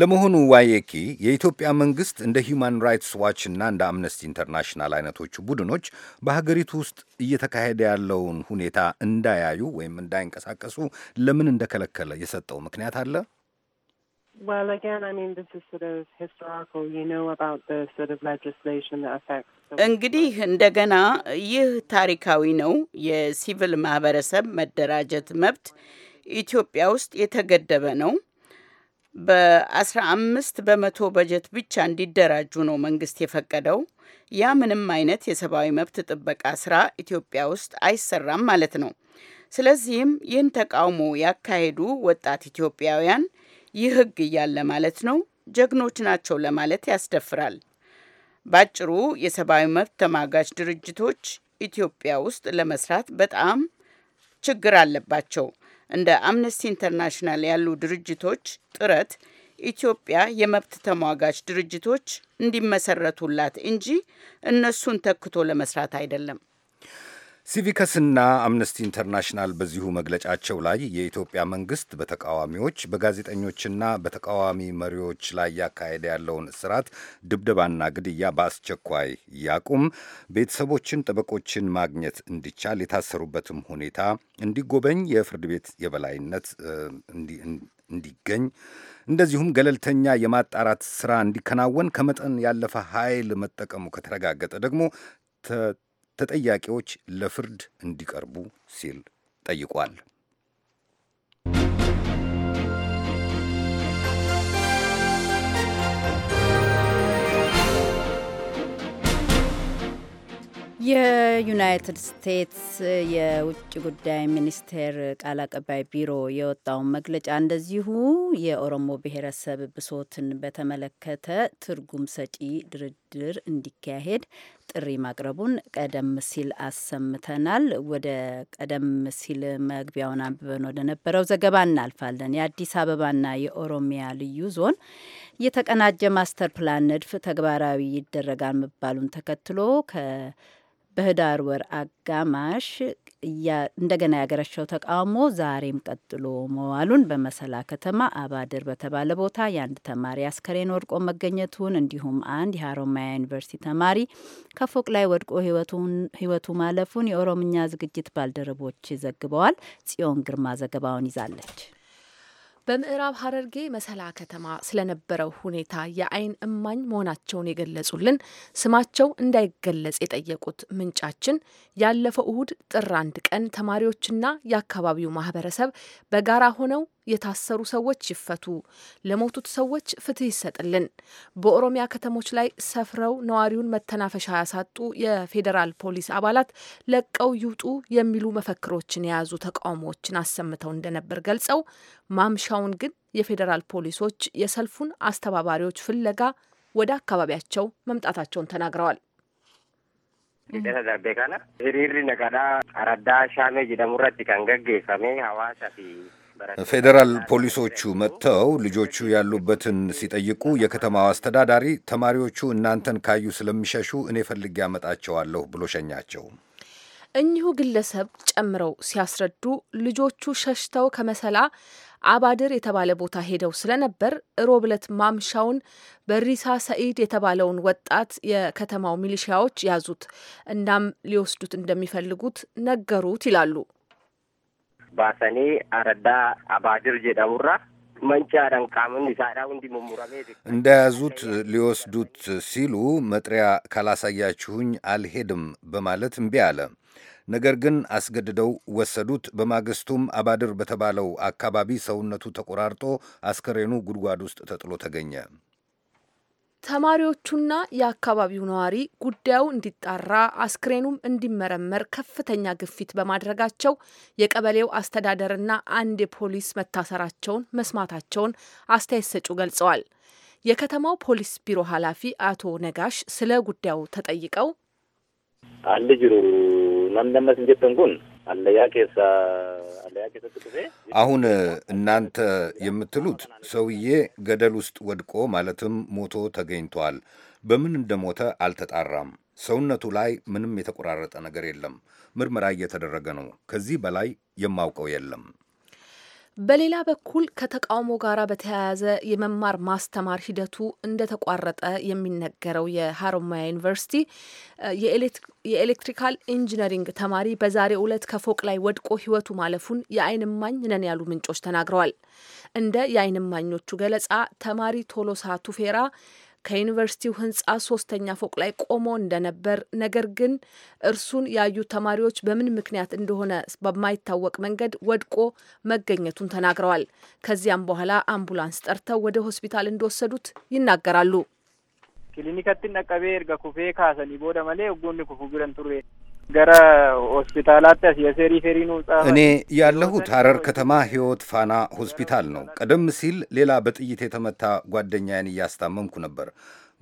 ለመሆኑ ዋየኪ የኢትዮጵያ መንግስት እንደ ሂዩማን ራይትስ ዋች እና እንደ አምነስቲ ኢንተርናሽናል አይነቶቹ ቡድኖች በሀገሪቱ ውስጥ እየተካሄደ ያለውን ሁኔታ እንዳያዩ ወይም እንዳይንቀሳቀሱ ለምን እንደከለከለ የሰጠው ምክንያት አለ? እንግዲህ እንደገና ይህ ታሪካዊ ነው። የሲቪል ማህበረሰብ መደራጀት መብት ኢትዮጵያ ውስጥ የተገደበ ነው። በ15 በመቶ በጀት ብቻ እንዲደራጁ ነው መንግስት የፈቀደው። ያ ምንም አይነት የሰብአዊ መብት ጥበቃ ስራ ኢትዮጵያ ውስጥ አይሰራም ማለት ነው። ስለዚህም ይህን ተቃውሞ ያካሄዱ ወጣት ኢትዮጵያውያን ይህ ህግ እያለ ማለት ነው ጀግኖች ናቸው ለማለት ያስደፍራል። ባጭሩ የሰብአዊ መብት ተማጋች ድርጅቶች ኢትዮጵያ ውስጥ ለመስራት በጣም ችግር አለባቸው። እንደ አምነስቲ ኢንተርናሽናል ያሉ ድርጅቶች ጥረት ኢትዮጵያ የመብት ተሟጋች ድርጅቶች እንዲመሰረቱላት እንጂ እነሱን ተክቶ ለመስራት አይደለም። ሲቪከስና አምነስቲ ኢንተርናሽናል በዚሁ መግለጫቸው ላይ የኢትዮጵያ መንግስት በተቃዋሚዎች በጋዜጠኞችና በተቃዋሚ መሪዎች ላይ ያካሄደ ያለውን እስራት፣ ድብደባና ግድያ በአስቸኳይ ያቁም፣ ቤተሰቦችን፣ ጠበቆችን ማግኘት እንዲቻል የታሰሩበትም ሁኔታ እንዲጎበኝ፣ የፍርድ ቤት የበላይነት እንዲገኝ እንደዚሁም ገለልተኛ የማጣራት ስራ እንዲከናወን ከመጠን ያለፈ ኃይል መጠቀሙ ከተረጋገጠ ደግሞ ተጠያቂዎች ለፍርድ እንዲቀርቡ ሲል ጠይቋል። የዩናይትድ ስቴትስ የውጭ ጉዳይ ሚኒስቴር ቃል አቀባይ ቢሮ የወጣውን መግለጫ እንደዚሁ የኦሮሞ ብሔረሰብ ብሶትን በተመለከተ ትርጉም ሰጪ ድርድር እንዲካሄድ ጥሪ ማቅረቡን ቀደም ሲል አሰምተናል። ወደ ቀደም ሲል መግቢያውን አንብበን ወደ ነበረው ዘገባ እናልፋለን። የአዲስ አበባና የኦሮሚያ ልዩ ዞን የተቀናጀ ማስተር ፕላን ንድፍ ተግባራዊ ይደረጋል መባሉን ተከትሎ ከ በህዳር ወር አጋማሽ እንደገና ያገረሸው ተቃውሞ ዛሬም ቀጥሎ መዋሉን በመሰላ ከተማ አባድር በተባለ ቦታ የአንድ ተማሪ አስከሬን ወድቆ መገኘቱን እንዲሁም አንድ የሀሮማያ ዩኒቨርሲቲ ተማሪ ከፎቅ ላይ ወድቆ ህይወቱ ማለፉን የኦሮምኛ ዝግጅት ባልደረቦች ዘግበዋል። ጽዮን ግርማ ዘገባውን ይዛለች። በምዕራብ ሐረርጌ መሰላ ከተማ ስለነበረው ሁኔታ የአይን እማኝ መሆናቸውን የገለጹልን ስማቸው እንዳይገለጽ የጠየቁት ምንጫችን ያለፈው እሁድ ጥር አንድ ቀን ተማሪዎችና የአካባቢው ማህበረሰብ በጋራ ሆነው የታሰሩ ሰዎች ይፈቱ፣ ለሞቱት ሰዎች ፍትህ ይሰጥልን። በኦሮሚያ ከተሞች ላይ ሰፍረው ነዋሪውን መተናፈሻ ያሳጡ የፌዴራል ፖሊስ አባላት ለቀው ይውጡ የሚሉ መፈክሮችን የያዙ ተቃውሞዎችን አሰምተው እንደነበር ገልጸው ማምሻውን ግን የፌዴራል ፖሊሶች የሰልፉን አስተባባሪዎች ፍለጋ ወደ አካባቢያቸው መምጣታቸውን ተናግረዋል። ፌዴራል ፖሊሶቹ መጥተው ልጆቹ ያሉበትን ሲጠይቁ የከተማው አስተዳዳሪ ተማሪዎቹ እናንተን ካዩ ስለሚሸሹ እኔ ፈልጌ ያመጣቸዋለሁ ብሎ ሸኛቸው። እኚሁ ግለሰብ ጨምረው ሲያስረዱ ልጆቹ ሸሽተው ከመሰላ አባድር የተባለ ቦታ ሄደው ስለነበር እሮብለት ማምሻውን በሪሳ ሰኢድ የተባለውን ወጣት የከተማው ሚሊሺያዎች ያዙት። እናም ሊወስዱት እንደሚፈልጉት ነገሩት ይላሉ። baasanii አረዳ አባድር ጀዳሙራ መንጫዳን ቃምን ይሳዳ ሁንዲ ሙሙራሜ እንደያዙት ሊወስዱት ሲሉ መጥሪያ ካላሳያችሁኝ አልሄድም በማለት እምቢ አለ። ነገር ግን አስገድደው ወሰዱት። በማግስቱም አባድር በተባለው አካባቢ ሰውነቱ ተቆራርጦ አስከሬኑ ጉድጓድ ውስጥ ተጥሎ ተገኘ። ተማሪዎቹና የአካባቢው ነዋሪ ጉዳዩ እንዲጣራ አስክሬኑም እንዲመረመር ከፍተኛ ግፊት በማድረጋቸው የቀበሌው አስተዳደርና አንድ የፖሊስ መታሰራቸውን መስማታቸውን አስተያየት ሰጩ ገልጸዋል። የከተማው ፖሊስ ቢሮ ኃላፊ አቶ ነጋሽ ስለ ጉዳዩ ተጠይቀው አንድ ጅሩ ናምነመስ እንጀተንጉን አሁን እናንተ የምትሉት ሰውዬ ገደል ውስጥ ወድቆ ማለትም ሞቶ ተገኝቷል። በምን እንደሞተ አልተጣራም። ሰውነቱ ላይ ምንም የተቆራረጠ ነገር የለም። ምርመራ እየተደረገ ነው። ከዚህ በላይ የማውቀው የለም። በሌላ በኩል ከተቃውሞ ጋር በተያያዘ የመማር ማስተማር ሂደቱ እንደተቋረጠ የሚነገረው የሀሮማያ ዩኒቨርሲቲ የኤሌክትሪካል ኢንጂነሪንግ ተማሪ በዛሬ ዕለት ከፎቅ ላይ ወድቆ ሕይወቱ ማለፉን የአይንማኝ እማኝ ነን ያሉ ምንጮች ተናግረዋል። እንደ የአይንማኞቹ እማኞቹ ገለጻ ተማሪ ቶሎሳ ቱፌራ ከዩኒቨርሲቲው ህንፃ ሶስተኛ ፎቅ ላይ ቆሞ እንደነበር፣ ነገር ግን እርሱን ያዩ ተማሪዎች በምን ምክንያት እንደሆነ በማይታወቅ መንገድ ወድቆ መገኘቱን ተናግረዋል። ከዚያም በኋላ አምቡላንስ ጠርተው ወደ ሆስፒታል እንደወሰዱት ይናገራሉ። ክሊኒከትን ነቀቤ እርገ ኩፌ ካሰኒ ቦደ መሌ ገረ ሆስፒታላት የሴሪ ሴሪ ነው እኔ ያለሁት ሀረር ከተማ ህይወት ፋና ሆስፒታል ነው። ቀደም ሲል ሌላ በጥይት የተመታ ጓደኛዬን እያስታመምኩ ነበር።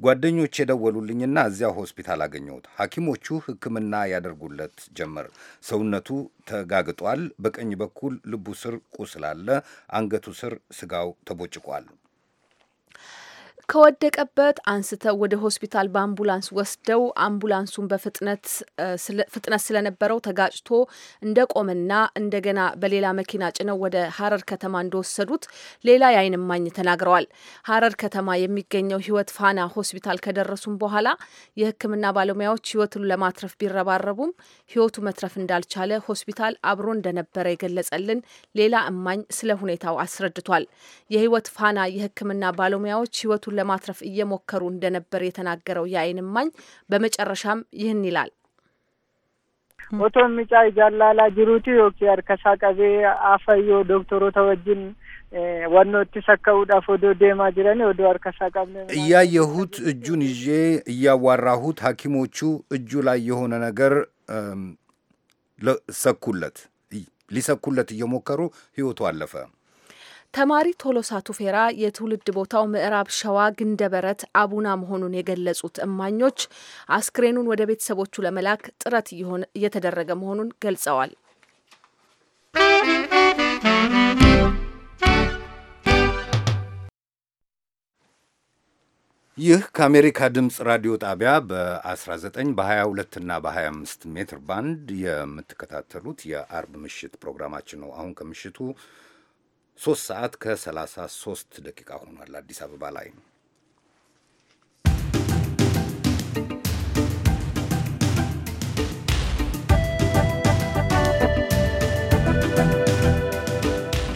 ጓደኞች የደወሉልኝና እዚያ ሆስፒታል አገኘሁት። ሐኪሞቹ ሕክምና ያደርጉለት ጀመር። ሰውነቱ ተጋግጧል። በቀኝ በኩል ልቡ ስር ቁስል አለ። አንገቱ ስር ስጋው ተቦጭቋል። ከወደቀበት አንስተው ወደ ሆስፒታል በአምቡላንስ ወስደው አምቡላንሱን በፍጥነት ፍጥነት ስለነበረው ተጋጭቶ እንደቆመና እንደገና በሌላ መኪና ጭነው ወደ ሀረር ከተማ እንደወሰዱት ሌላ የአይን እማኝ ተናግረዋል። ሀረር ከተማ የሚገኘው ህይወት ፋና ሆስፒታል ከደረሱም በኋላ የህክምና ባለሙያዎች ህይወቱን ለማትረፍ ቢረባረቡም ህይወቱ መትረፍ እንዳልቻለ ሆስፒታል አብሮ እንደነበረ የገለጸልን ሌላ እማኝ ስለ ሁኔታው አስረድቷል። የህይወት ፋና የህክምና ባለሙያዎች ህይወቱን ለማትረፍ እየሞከሩ እንደነበር የተናገረው የአይን እማኝ በመጨረሻም ይህን ይላል። ኦቶ ሚጫ ጃላላ ጅሩቲ ዮኪያድ ከሳቀቤ አፈዮ ዶክተሮ ተወጅን ዋናዎች ሰከውዳፍ ወደ ዴማ ጅረን ወደ አርከሳ እያየሁት እጁን ይዤ እያዋራሁት ሐኪሞቹ እጁ ላይ የሆነ ነገር ሰኩለት ሊሰኩለት እየሞከሩ ህይወቱ አለፈ። ተማሪ ቶሎሳ ቱፌራ የትውልድ ቦታው ምዕራብ ሸዋ ግንደበረት አቡና መሆኑን የገለጹት እማኞች አስክሬኑን ወደ ቤተሰቦቹ ለመላክ ጥረት እየተደረገ መሆኑን ገልጸዋል። ይህ ከአሜሪካ ድምፅ ራዲዮ ጣቢያ በ19 በ22 እና በ25 ሜትር ባንድ የምትከታተሉት የአርብ ምሽት ፕሮግራማችን ነው። አሁን ከምሽቱ ሶስት ሰዓት ከ33 ደቂቃ ሆኗል አዲስ አበባ ላይ።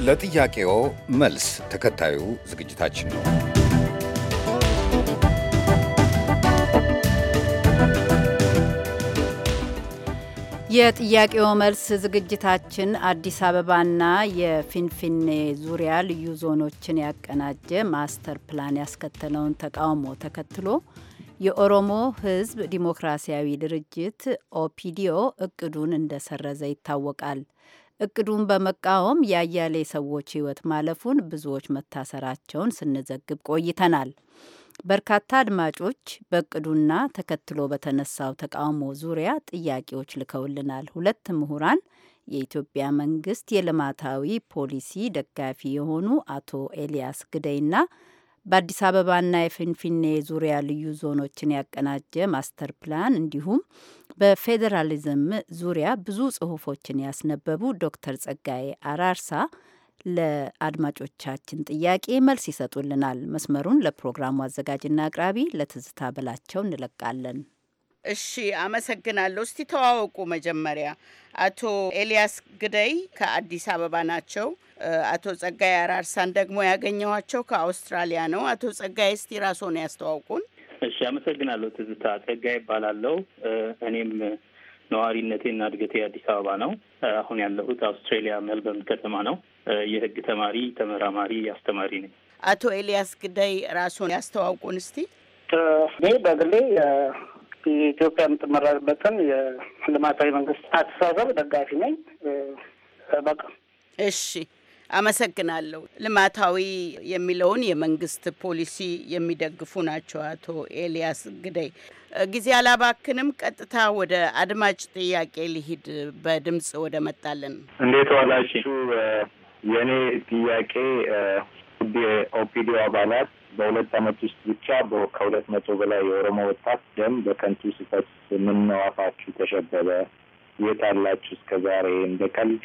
ለጥያቄዎ መልስ ተከታዩ ዝግጅታችን ነው። የጥያቄው መልስ ዝግጅታችን አዲስ አበባና የፊንፊኔ ዙሪያ ልዩ ዞኖችን ያቀናጀ ማስተር ፕላን ያስከተለውን ተቃውሞ ተከትሎ የኦሮሞ ሕዝብ ዲሞክራሲያዊ ድርጅት ኦፒዲዮ እቅዱን እንደሰረዘ ይታወቃል። እቅዱን በመቃወም የአያሌ ሰዎች ሕይወት ማለፉን፣ ብዙዎች መታሰራቸውን ስንዘግብ ቆይተናል። በርካታ አድማጮች በእቅዱና ተከትሎ በተነሳው ተቃውሞ ዙሪያ ጥያቄዎች ልከውልናል። ሁለት ምሁራን የኢትዮጵያ መንግስት የልማታዊ ፖሊሲ ደጋፊ የሆኑ አቶ ኤልያስ ግደይና በአዲስ አበባና የፊንፊኔ ዙሪያ ልዩ ዞኖችን ያቀናጀ ማስተር ፕላን እንዲሁም በፌዴራሊዝም ዙሪያ ብዙ ጽሁፎችን ያስነበቡ ዶክተር ጸጋዬ አራርሳ ለአድማጮቻችን ጥያቄ መልስ ይሰጡልናል። መስመሩን ለፕሮግራሙ አዘጋጅና አቅራቢ ለትዝታ ብላቸው እንለቃለን። እሺ፣ አመሰግናለሁ። እስቲ ተዋወቁ መጀመሪያ። አቶ ኤልያስ ግደይ ከአዲስ አበባ ናቸው። አቶ ጸጋይ አራርሳን ደግሞ ያገኘኋቸው ከአውስትራሊያ ነው። አቶ ጸጋይ እስቲ ራስዎን ያስተዋውቁን። እሺ፣ አመሰግናለሁ ትዝታ። ጸጋይ ይባላለሁ። እኔም ነዋሪነቴና እድገቴ አዲስ አበባ ነው። አሁን ያለሁት አውስትሬሊያ ሜልበርን ከተማ ነው። የህግ ተማሪ፣ ተመራማሪ፣ አስተማሪ ነኝ። አቶ ኤልያስ ግዳይ ራሱን ያስተዋውቁን እስቲ። እኔ በግሌ የኢትዮጵያ የምትመራበትን የልማታዊ መንግስት አስተሳሰብ ደጋፊ ነኝ። በቃ እሺ። አመሰግናለሁ። ልማታዊ የሚለውን የመንግስት ፖሊሲ የሚደግፉ ናቸው አቶ ኤልያስ ግደይ። ጊዜ አላባክንም፣ ቀጥታ ወደ አድማጭ ጥያቄ ልሂድ። በድምፅ ወደ መጣልን። እንዴት ዋላችሁ? የእኔ ጥያቄ የኦፒዲዮ አባላት በሁለት አመት ውስጥ ብቻ ከሁለት መቶ በላይ የኦሮሞ ወጣት ደም በከንቱ ስፈስ ምነው አፋችሁ ተሸበበ? የት አላችሁ እስከ ዛሬ እንደ ቀልድ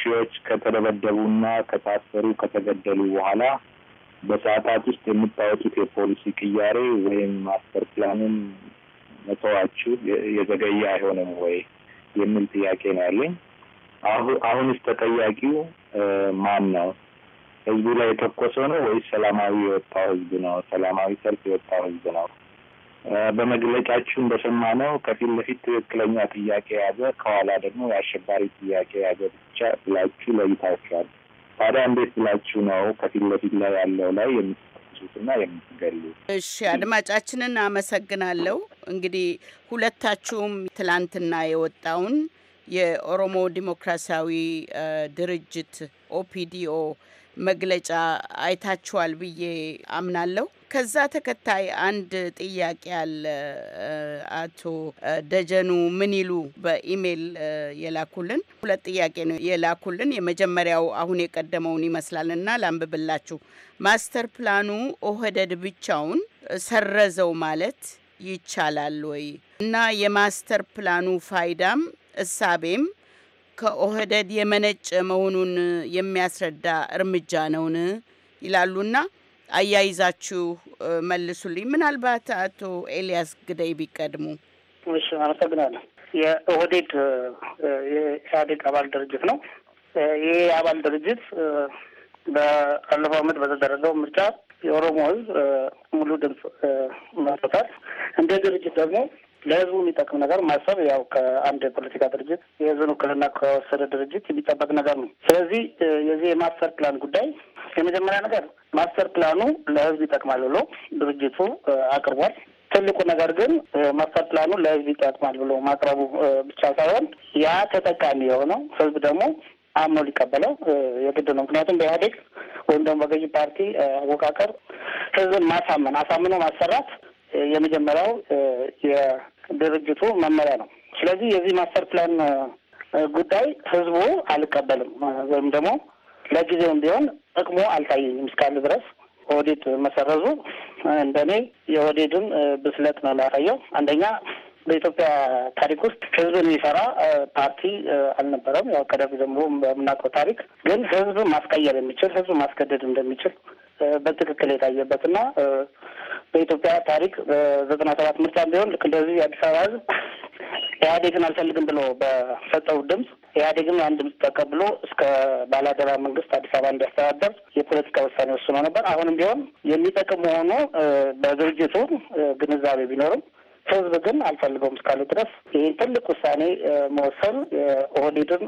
ሺዎች ከተደበደቡና ከታሰሩ ከተገደሉ በኋላ በሰዓታት ውስጥ የምታወጡት የፖሊሲ ቅያሬ ወይም ማስተር ፕላንም መተዋችሁ የዘገየ አይሆንም ወይ የሚል ጥያቄ ነው ያለኝ። አሁንስ ተጠያቂው ማን ነው? ህዝቡ ላይ የተኮሰው ነው ወይስ ሰላማዊ የወጣው ህዝብ ነው? ሰላማዊ ሰልፍ የወጣው ህዝብ ነው? በመግለጫችን ነው ከፊት ለፊት ትክክለኛ ጥያቄ የያዘ ከኋላ ደግሞ የአሸባሪ ጥያቄ የያዘ ብቻ ብላችሁ ለይታችኋል። ታዲያ እንዴት ብላችሁ ነው ከፊት ለፊት ላይ ያለው ላይ የምትሱትና የምትገሉ? እሺ አድማጫችንን አመሰግናለሁ። እንግዲህ ሁለታችሁም ትላንትና የወጣውን የኦሮሞ ዲሞክራሲያዊ ድርጅት ኦፒዲኦ መግለጫ አይታችኋል ብዬ አምናለሁ። ከዛ ተከታይ አንድ ጥያቄ አለ። አቶ ደጀኑ ምን ይሉ በኢሜይል የላኩልን ሁለት ጥያቄ ነው የላኩልን። የመጀመሪያው አሁን የቀደመውን ይመስላልና ላንብብላችሁ። ማስተር ፕላኑ ኦህደድ ብቻውን ሰረዘው ማለት ይቻላል ወይ እና የማስተር ፕላኑ ፋይዳም እሳቤም ከኦህደድ የመነጨ መሆኑን የሚያስረዳ እርምጃ ነውን ይላሉና አያይዛችሁ መልሱልኝ። ምናልባት አቶ ኤልያስ ግደይ ቢቀድሙ። እሺ፣ አመሰግናለሁ። የኦህዴድ የኢህአዴግ አባል ድርጅት ነው። ይህ አባል ድርጅት በአለፈው ዓመት በተደረገው ምርጫ የኦሮሞ ህዝብ ሙሉ ድምፅ መጥቶታል። እንደ ድርጅት ደግሞ ለህዝቡ የሚጠቅም ነገር ማሰብ ያው ከአንድ የፖለቲካ ድርጅት የህዝብን ውክልና ከወሰደ ድርጅት የሚጠበቅ ነገር ነው። ስለዚህ የዚህ የማስተር ፕላን ጉዳይ የመጀመሪያ ነገር ማስተር ፕላኑ ለህዝብ ይጠቅማል ብሎ ድርጅቱ አቅርቧል። ትልቁ ነገር ግን ማስተር ፕላኑ ለህዝብ ይጠቅማል ብሎ ማቅረቡ ብቻ ሳይሆን ያ ተጠቃሚ የሆነው ህዝብ ደግሞ አምኖ ሊቀበለው የግድ ነው። ምክንያቱም በኢህአዴግ ወይም ደግሞ በገዢ ፓርቲ አወቃቀር ህዝብን ማሳመን አሳምኖ ማሰራት የመጀመሪያው ድርጅቱ መመሪያ ነው። ስለዚህ የዚህ ማስተር ፕላን ጉዳይ ህዝቡ አልቀበልም ወይም ደግሞ ለጊዜውም ቢሆን ጥቅሙ አልታየኝም እስካለ ድረስ ኦህዴድ መሰረዙ እንደኔ የኦህዴድን ብስለት ነው የሚያሳየው። አንደኛ በኢትዮጵያ ታሪክ ውስጥ ህዝብን የሚሰራ ፓርቲ አልነበረም። ያው ቀደም ጀምሮ በምናውቀው ታሪክ ግን ህዝብ ማስቀየር የሚችል ህዝብ ማስገደድ እንደሚችል በትክክል የታየበትና በኢትዮጵያ ታሪክ በዘጠና ሰባት ምርጫ ቢሆን ልክ እንደዚህ የአዲስ አበባ ህዝብ ኢህአዴግን አልፈልግም ብሎ በሰጠው ድምፅ ኢህአዴግም ያን ድምፅ ተቀብሎ እስከ ባላደራ መንግስት አዲስ አበባ እንዲያስተዳደር የፖለቲካ ውሳኔ ወስኖ ነበር። አሁንም ቢሆን የሚጠቅም ሆኖ በድርጅቱ ግንዛቤ ቢኖርም ህዝብ ግን አልፈልገውም እስካለ ድረስ ይህን ትልቅ ውሳኔ መወሰን ኦህዴድን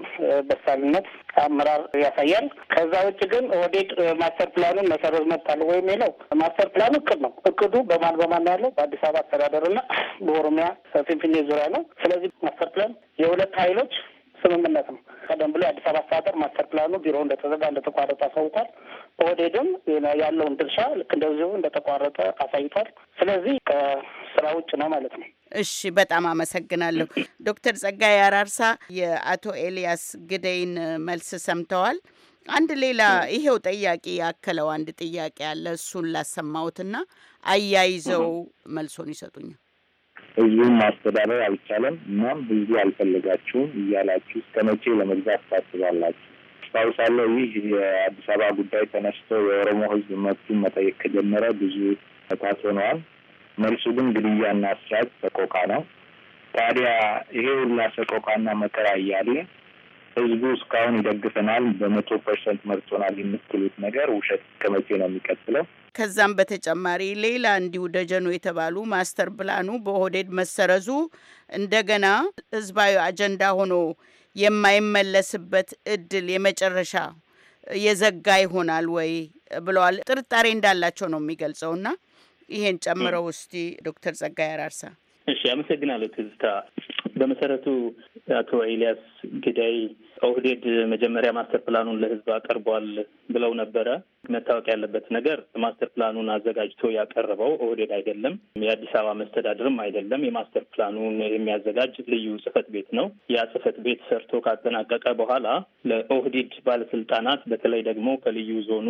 በሳልነት አመራር ያሳያል። ከዛ ውጭ ግን ኦህዴድ ማስተር ፕላኑን መሰረዝ መጥታለሁ ወይም የለው ማስተር ፕላኑ እቅድ ነው። እቅዱ በማን በማን ያለው በአዲስ አበባ አስተዳደርና በኦሮሚያ ፊንፊኔ ዙሪያ ነው። ስለዚህ ማስተር ፕላን የሁለት ኃይሎች ስምምነት ነው። ቀደም ብሎ የአዲስ አበባ አስተዳደር ማስተር ፕላኑ ቢሮ እንደተዘጋ እንደተቋረጠ አሳውቋል። ኦህዴድም ያለውን ድርሻ ልክ እንደዚሁ እንደተቋረጠ አሳይቷል። ስለዚህ ከስራ ውጭ ነው ማለት ነው። እሺ፣ በጣም አመሰግናለሁ ዶክተር ጸጋይ አራርሳ የአቶ ኤልያስ ግደይን መልስ ሰምተዋል። አንድ ሌላ ይሄው ጠያቂ ያከለው አንድ ጥያቄ አለ። እሱን ላሰማሁትና አያይዘው መልሶን ይሰጡኛል። ህዝቡን ማስተዳደር አልቻለም። እናም ህዝቡ አልፈለጋችሁም እያላችሁ እስከ መቼ ለመግዛት ታስባላችሁ? አስታውሳለሁ። ይህ የአዲስ አበባ ጉዳይ ተነስቶ የኦሮሞ ህዝብ መብቱን መጠየቅ ከጀመረ ብዙ መታት ሆነዋል። መልሱ ግን ግድያና እስራት፣ ሰቆቃ ነው። ታዲያ ይሄ ሁላ ሰቆቃና መከራ እያለ ህዝቡ እስካሁን ይደግፈናል፣ በመቶ ፐርሰንት መርጦናል የምትሉት ነገር ውሸት ከመቼ ነው የሚቀጥለው? ከዛም በተጨማሪ ሌላ እንዲሁ ደጀኑ የተባሉ ማስተር ፕላኑ በኦህዴድ መሰረዙ እንደገና ህዝባዊ አጀንዳ ሆኖ የማይመለስበት እድል የመጨረሻ የዘጋ ይሆናል ወይ ብለዋል። ጥርጣሬ እንዳላቸው ነው የሚገልጸውና ይሄን ጨምረው እስቲ ዶክተር ጸጋይ አራርሳ እሺ፣ አመሰግናለሁ ትዝታ። በመሰረቱ አቶ ኤልያስ ግዳይ ኦህዴድ መጀመሪያ ማስተር ፕላኑን ለህዝብ አቀርቧል ብለው ነበረ። መታወቅ ያለበት ነገር ማስተር ፕላኑን አዘጋጅቶ ያቀረበው ኦህዴድ አይደለም፣ የአዲስ አበባ መስተዳድርም አይደለም። የማስተር ፕላኑን የሚያዘጋጅ ልዩ ጽህፈት ቤት ነው። ያ ጽህፈት ቤት ሰርቶ ካጠናቀቀ በኋላ ለኦህዴድ ባለስልጣናት በተለይ ደግሞ ከልዩ ዞኑ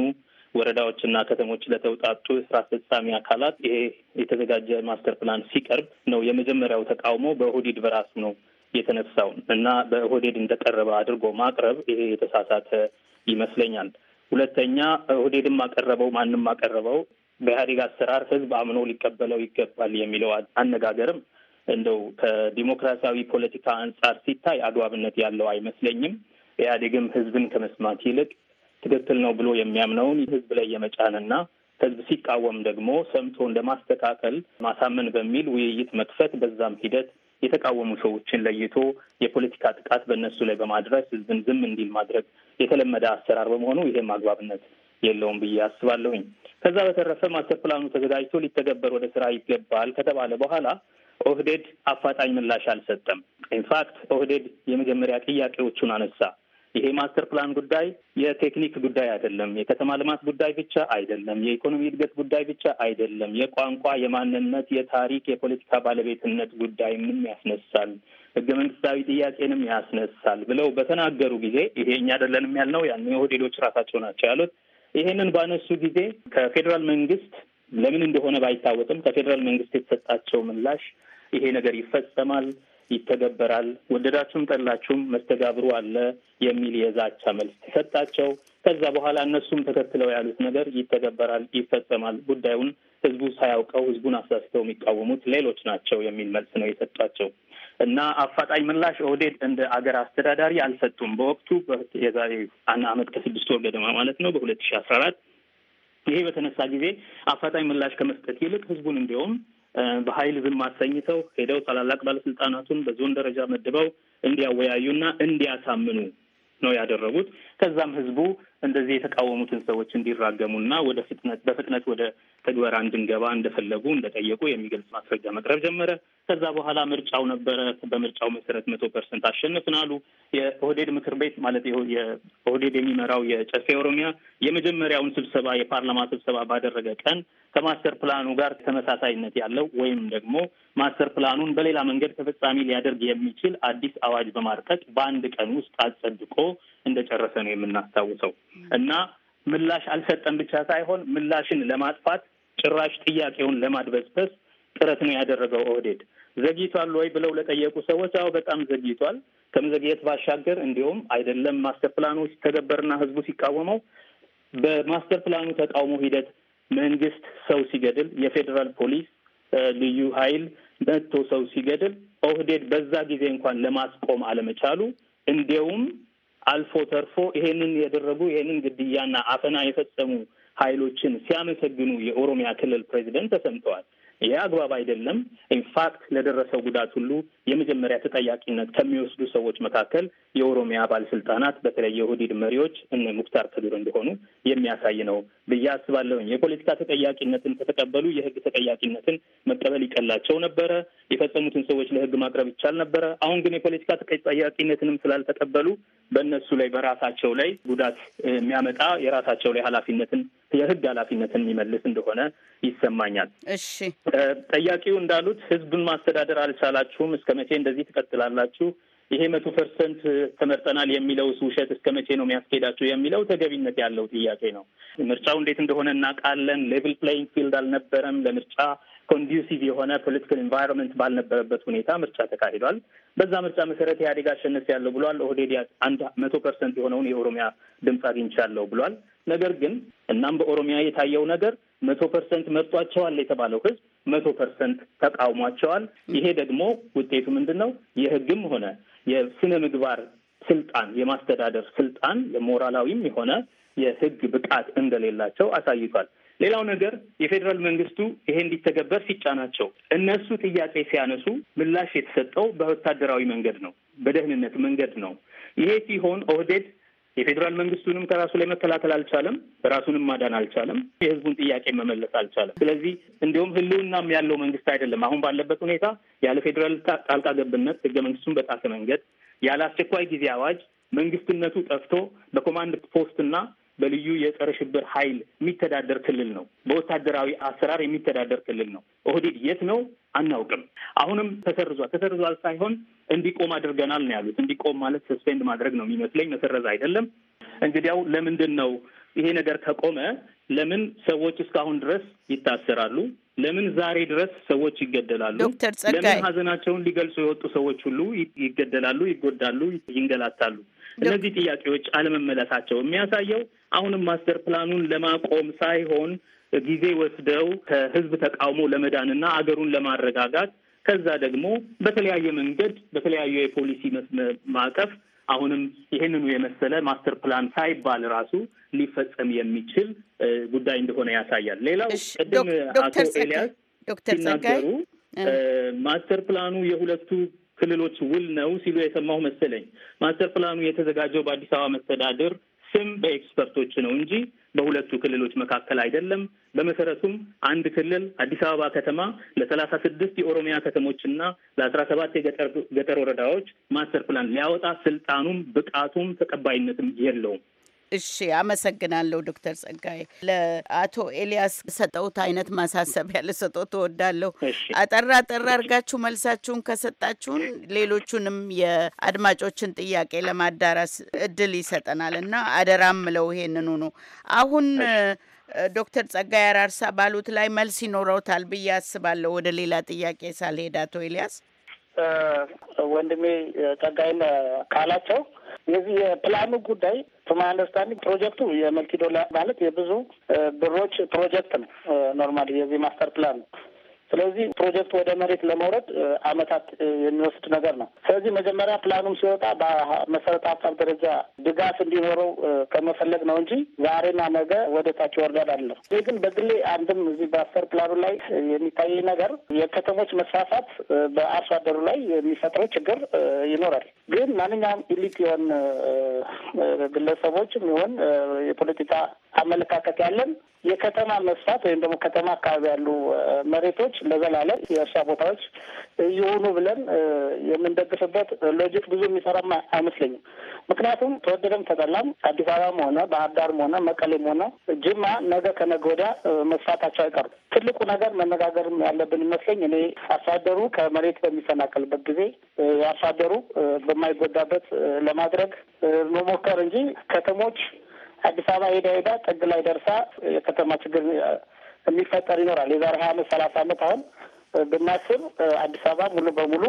ወረዳዎችና ከተሞች ለተውጣጡ የስራ አስፈጻሚ አካላት ይሄ የተዘጋጀ ማስተር ፕላን ሲቀርብ ነው የመጀመሪያው ተቃውሞ በኦህዴድ በራሱ ነው የተነሳው እና በኦህዴድ እንደቀረበ አድርጎ ማቅረብ ይሄ የተሳሳተ ይመስለኛል። ሁለተኛ ኦህዴድም አቀረበው ማንም አቀረበው በኢህአዴግ አሰራር ህዝብ አምኖ ሊቀበለው ይገባል የሚለው አነጋገርም እንደው ከዲሞክራሲያዊ ፖለቲካ አንጻር ሲታይ አግባብነት ያለው አይመስለኝም። ኢህአዴግም ህዝብን ከመስማት ይልቅ ትክክል ነው ብሎ የሚያምነውን ህዝብ ላይ የመጫንና ህዝብ ሲቃወም ደግሞ ሰምቶ እንደ ማስተካከል ማሳመን በሚል ውይይት መክፈት በዛም ሂደት የተቃወሙ ሰዎችን ለይቶ የፖለቲካ ጥቃት በእነሱ ላይ በማድረስ ህዝብን ዝም እንዲል ማድረግ የተለመደ አሰራር በመሆኑ ይሄም አግባብነት የለውም ብዬ አስባለሁኝ። ከዛ በተረፈ ማስተር ፕላኑ ተዘጋጅቶ ሊተገበር ወደ ስራ ይገባል ከተባለ በኋላ ኦህዴድ አፋጣኝ ምላሽ አልሰጠም። ኢንፋክት ኦህዴድ የመጀመሪያ ጥያቄዎቹን አነሳ። ይሄ ማስተር ፕላን ጉዳይ የቴክኒክ ጉዳይ አይደለም። የከተማ ልማት ጉዳይ ብቻ አይደለም። የኢኮኖሚ እድገት ጉዳይ ብቻ አይደለም። የቋንቋ፣ የማንነት፣ የታሪክ፣ የፖለቲካ ባለቤትነት ጉዳይንም ያስነሳል፣ ህገ መንግስታዊ ጥያቄንም ያስነሳል ብለው በተናገሩ ጊዜ ይሄ እኛ አይደለንም ያልነው ያን የሆቴሎች ራሳቸው ናቸው ያሉት። ይሄንን ባነሱ ጊዜ ከፌዴራል መንግስት ለምን እንደሆነ ባይታወቅም ከፌዴራል መንግስት የተሰጣቸው ምላሽ ይሄ ነገር ይፈጸማል ይተገበራል። ወደዳችሁም ጠላችሁም መስተጋብሩ አለ የሚል የዛቻ መልስ ተሰጣቸው። ከዛ በኋላ እነሱም ተከትለው ያሉት ነገር ይተገበራል፣ ይፈጸማል። ጉዳዩን ህዝቡ ሳያውቀው ህዝቡን አሳስተው የሚቃወሙት ሌሎች ናቸው የሚል መልስ ነው የሰጧቸው እና አፋጣኝ ምላሽ ኦህዴድ እንደ አገር አስተዳዳሪ አልሰጡም። በወቅቱ የዛሬ አንድ አመት ከስድስት ወር ገደማ ማለት ነው በሁለት ሺ አስራ አራት ይሄ በተነሳ ጊዜ አፋጣኝ ምላሽ ከመስጠት ይልቅ ህዝቡን እንዲሁም በኃይል ዝም አሰኝተው ሄደው ታላላቅ ባለስልጣናቱን በዞን ደረጃ መድበው እንዲያወያዩና እንዲያሳምኑ ነው ያደረጉት። ከዛም ህዝቡ እንደዚህ የተቃወሙትን ሰዎች እንዲራገሙና ወደ ፍጥነት በፍጥነት ወደ ተግበራ እንድንገባ እንደፈለጉ እንደጠየቁ የሚገልጽ ማስረጃ መቅረብ ጀመረ። ከዛ በኋላ ምርጫው ነበረ። በምርጫው መሰረት መቶ ፐርሰንት አሸንፍን አሉ። የኦህዴድ ምክር ቤት ማለት የኦህዴድ የሚመራው የጨፌ ኦሮሚያ የመጀመሪያውን ስብሰባ የፓርላማ ስብሰባ ባደረገ ቀን ከማስተር ፕላኑ ጋር ተመሳሳይነት ያለው ወይም ደግሞ ማስተር ፕላኑን በሌላ መንገድ ተፈጻሚ ሊያደርግ የሚችል አዲስ አዋጅ በማርቀቅ በአንድ ቀን ውስጥ አጸድቆ እንደጨረሰ ነው የምናስታውሰው። እና ምላሽ አልሰጠን ብቻ ሳይሆን ምላሽን ለማጥፋት ጭራሽ ጥያቄውን ለማድበስበስ ጥረት ነው ያደረገው ኦህዴድ። ዘግይቷል ወይ ብለው ለጠየቁ ሰዎች አዎ በጣም ዘግይቷል። ከመዘግየት ባሻገር እንዲሁም አይደለም ማስተር ፕላኑ ሲተገበርና ህዝቡ ሲቃወመው በማስተር ፕላኑ ተቃውሞ ሂደት መንግስት ሰው ሲገድል፣ የፌዴራል ፖሊስ ልዩ ኃይል መጥቶ ሰው ሲገድል ኦህዴድ በዛ ጊዜ እንኳን ለማስቆም አለመቻሉ እንዲያውም አልፎ ተርፎ ይሄንን የደረጉ ይሄንን ግድያና አፈና የፈጸሙ ኃይሎችን ሲያመሰግኑ የኦሮሚያ ክልል ፕሬዚደንት ተሰምተዋል። ይህ አግባብ አይደለም። ኢንፋክት ለደረሰው ጉዳት ሁሉ የመጀመሪያ ተጠያቂነት ከሚወስዱ ሰዎች መካከል የኦሮሚያ ባለስልጣናት፣ በተለይ የኦህዴድ መሪዎች እነ ሙክታር ከድር እንደሆኑ የሚያሳይ ነው ብዬ አስባለሁኝ። የፖለቲካ ተጠያቂነትን ከተቀበሉ የህግ ተጠያቂነትን መቀበል ይቀላቸው ነበረ። የፈጸሙትን ሰዎች ለህግ ማቅረብ ይቻል ነበረ። አሁን ግን የፖለቲካ ተጠያቂነትንም ስላልተቀበሉ በእነሱ ላይ በራሳቸው ላይ ጉዳት የሚያመጣ የራሳቸው ላይ ኃላፊነትን የህግ ኃላፊነትን የሚመልስ እንደሆነ ይሰማኛል። እሺ ጠያቂው እንዳሉት ህዝብን ማስተዳደር አልቻላችሁም፣ እስከ መቼ እንደዚህ ትቀጥላላችሁ? ይሄ መቶ ፐርሰንት ተመርጠናል የሚለው ውሸት እስከ መቼ ነው የሚያስኬዳቸው የሚለው ተገቢነት ያለው ጥያቄ ነው። ምርጫው እንዴት እንደሆነ እናውቃለን። ሌቭል ፕሌይንግ ፊልድ አልነበረም። ለምርጫ ኮንዲሲቭ የሆነ ፖለቲካል ኢንቫይሮንመንት ባልነበረበት ሁኔታ ምርጫ ተካሂዷል። በዛ ምርጫ መሰረት ኢህአዴግ አሸነፍ ያለው ብሏል። ኦህዴድ አንድ መቶ ፐርሰንት የሆነውን የኦሮሚያ ድምፅ አግኝቻለሁ ብሏል። ነገር ግን እናም በኦሮሚያ የታየው ነገር መቶ ፐርሰንት መርጧቸዋል የተባለው ህዝብ መቶ ፐርሰንት ተቃውሟቸዋል። ይሄ ደግሞ ውጤቱ ምንድን ነው? የህግም ሆነ የስነ ምግባር ስልጣን፣ የማስተዳደር ስልጣን፣ ሞራላዊም የሆነ የህግ ብቃት እንደሌላቸው አሳይቷል። ሌላው ነገር የፌዴራል መንግስቱ ይሄ እንዲተገበር ሲጫናቸው እነሱ ጥያቄ ሲያነሱ ምላሽ የተሰጠው በወታደራዊ መንገድ ነው፣ በደህንነት መንገድ ነው። ይሄ ሲሆን ኦህዴድ የፌዴራል መንግስቱንም ከራሱ ላይ መከላከል አልቻለም። ራሱንም ማዳን አልቻለም። የህዝቡን ጥያቄ መመለስ አልቻለም። ስለዚህ እንዲሁም ህልውናም ያለው መንግስት አይደለም። አሁን ባለበት ሁኔታ ያለ ፌዴራል ጣልቃ ገብነት ህገ መንግስቱን በጣሰ መንገድ ያለ አስቸኳይ ጊዜ አዋጅ መንግስትነቱ ጠፍቶ በኮማንድ ፖስትና በልዩ የጸረ ሽብር ኃይል የሚተዳደር ክልል ነው። በወታደራዊ አሰራር የሚተዳደር ክልል ነው። ኦህዴድ የት ነው አናውቅም። አሁንም ተሰርዟል። ተሰርዟል ሳይሆን እንዲቆም አድርገናል ነው ያሉት። እንዲቆም ማለት ሰስፔንድ ማድረግ ነው የሚመስለኝ፣ መሰረዝ አይደለም። እንግዲያው ለምንድን ነው ይሄ ነገር ከቆመ ለምን ሰዎች እስካሁን ድረስ ይታሰራሉ? ለምን ዛሬ ድረስ ሰዎች ይገደላሉ? ዶክተር ጸጋይ ለምን ሀዘናቸውን ሊገልጹ የወጡ ሰዎች ሁሉ ይገደላሉ፣ ይጎዳሉ፣ ይንገላታሉ? እነዚህ ጥያቄዎች አለመመለሳቸው የሚያሳየው አሁንም ማስተር ፕላኑን ለማቆም ሳይሆን ጊዜ ወስደው ከህዝብ ተቃውሞ ለመዳንና አገሩን ለማረጋጋት ከዛ ደግሞ በተለያየ መንገድ በተለያዩ የፖሊሲ ማዕቀፍ አሁንም ይህንኑ የመሰለ ማስተር ፕላን ሳይባል ራሱ ሊፈጸም የሚችል ጉዳይ እንደሆነ ያሳያል። ሌላው ቅድም አቶ ኤልያስ ሲናገሩ ማስተር ፕላኑ የሁለቱ ክልሎች ውል ነው ሲሉ የሰማሁ መሰለኝ። ማስተር ፕላኑ የተዘጋጀው በአዲስ አበባ መስተዳድር ስም በኤክስፐርቶች ነው እንጂ በሁለቱ ክልሎች መካከል አይደለም። በመሰረቱም አንድ ክልል አዲስ አበባ ከተማ ለሰላሳ ስድስት የኦሮሚያ ከተሞች እና ለአስራ ሰባት የገጠር ወረዳዎች ማስተር ፕላን ሊያወጣ ስልጣኑም ብቃቱም ተቀባይነትም የለውም። እሺ፣ አመሰግናለሁ ዶክተር ጸጋዬ። ለአቶ ኤልያስ ሰጠውት አይነት ማሳሰቢያ ልሰጠው ትወዳለሁ። አጠራ አጠራ አድርጋችሁ መልሳችሁን ከሰጣችሁን ሌሎቹንም የአድማጮችን ጥያቄ ለማዳረስ እድል ይሰጠናል እና አደራም ምለው ይሄንኑ ነው አሁን ዶክተር ጸጋይ አራርሳ ባሉት ላይ መልስ ይኖረውታል ብዬ አስባለሁ። ወደ ሌላ ጥያቄ ሳልሄድ አቶ ኤልያስ ወንድሜ ጸጋይን ካላቸው የዚህ የፕላኑ ጉዳይ ቱማ አንደርስታንዲንግ ፕሮጀክቱ የመልቲ ዶላር ማለት የብዙ ብሮች ፕሮጀክት ነው። ኖርማሊ የዚህ ማስተር ፕላን ስለዚህ ፕሮጀክቱ ወደ መሬት ለመውረድ አመታት የሚወስድ ነገር ነው። ስለዚህ መጀመሪያ ፕላኑም ሲወጣ በመሰረተ ሀሳብ ደረጃ ድጋፍ እንዲኖረው ከመፈለግ ነው እንጂ ዛሬና ነገ ወደ ታች ይወርዳል አለ። ይህ ግን በግሌ አንድም እዚህ በአስተር ፕላኑ ላይ የሚታይ ነገር የከተሞች መስፋፋት በአርሶ አደሩ ላይ የሚፈጥረው ችግር ይኖራል። ግን ማንኛውም ኢሊት የሆን ግለሰቦችም ይሆን የፖለቲካ አመለካከት ያለን የከተማ መስፋት ወይም ደግሞ ከተማ አካባቢ ያሉ መሬቶች ለዘላለም የእርሻ ቦታዎች እየሆኑ ብለን የምንደግፍበት ሎጂክ ብዙ የሚሰራም አይመስለኝም። ምክንያቱም ተወደደም ተጠላም አዲስ አበባም ሆነ ባህር ዳርም ሆነ መቀሌም ሆነ ጅማ ነገ ከነገ ወዲያ መስፋታቸው አይቀሩም። ትልቁ ነገር መነጋገርም ያለብን ይመስለኝ እኔ አርሶ አደሩ ከመሬት በሚፈናቀልበት ጊዜ አርሶ አደሩ በማይጎዳበት ለማድረግ መሞከር እንጂ ከተሞች አዲስ አበባ ሄዳ ሄዳ ጥግ ላይ ደርሳ የከተማ ችግር የሚፈጠር ይኖራል። የዛሬ ሀያ አመት ሰላሳ አመት አሁን ብናስብ አዲስ አበባ ሙሉ በሙሉ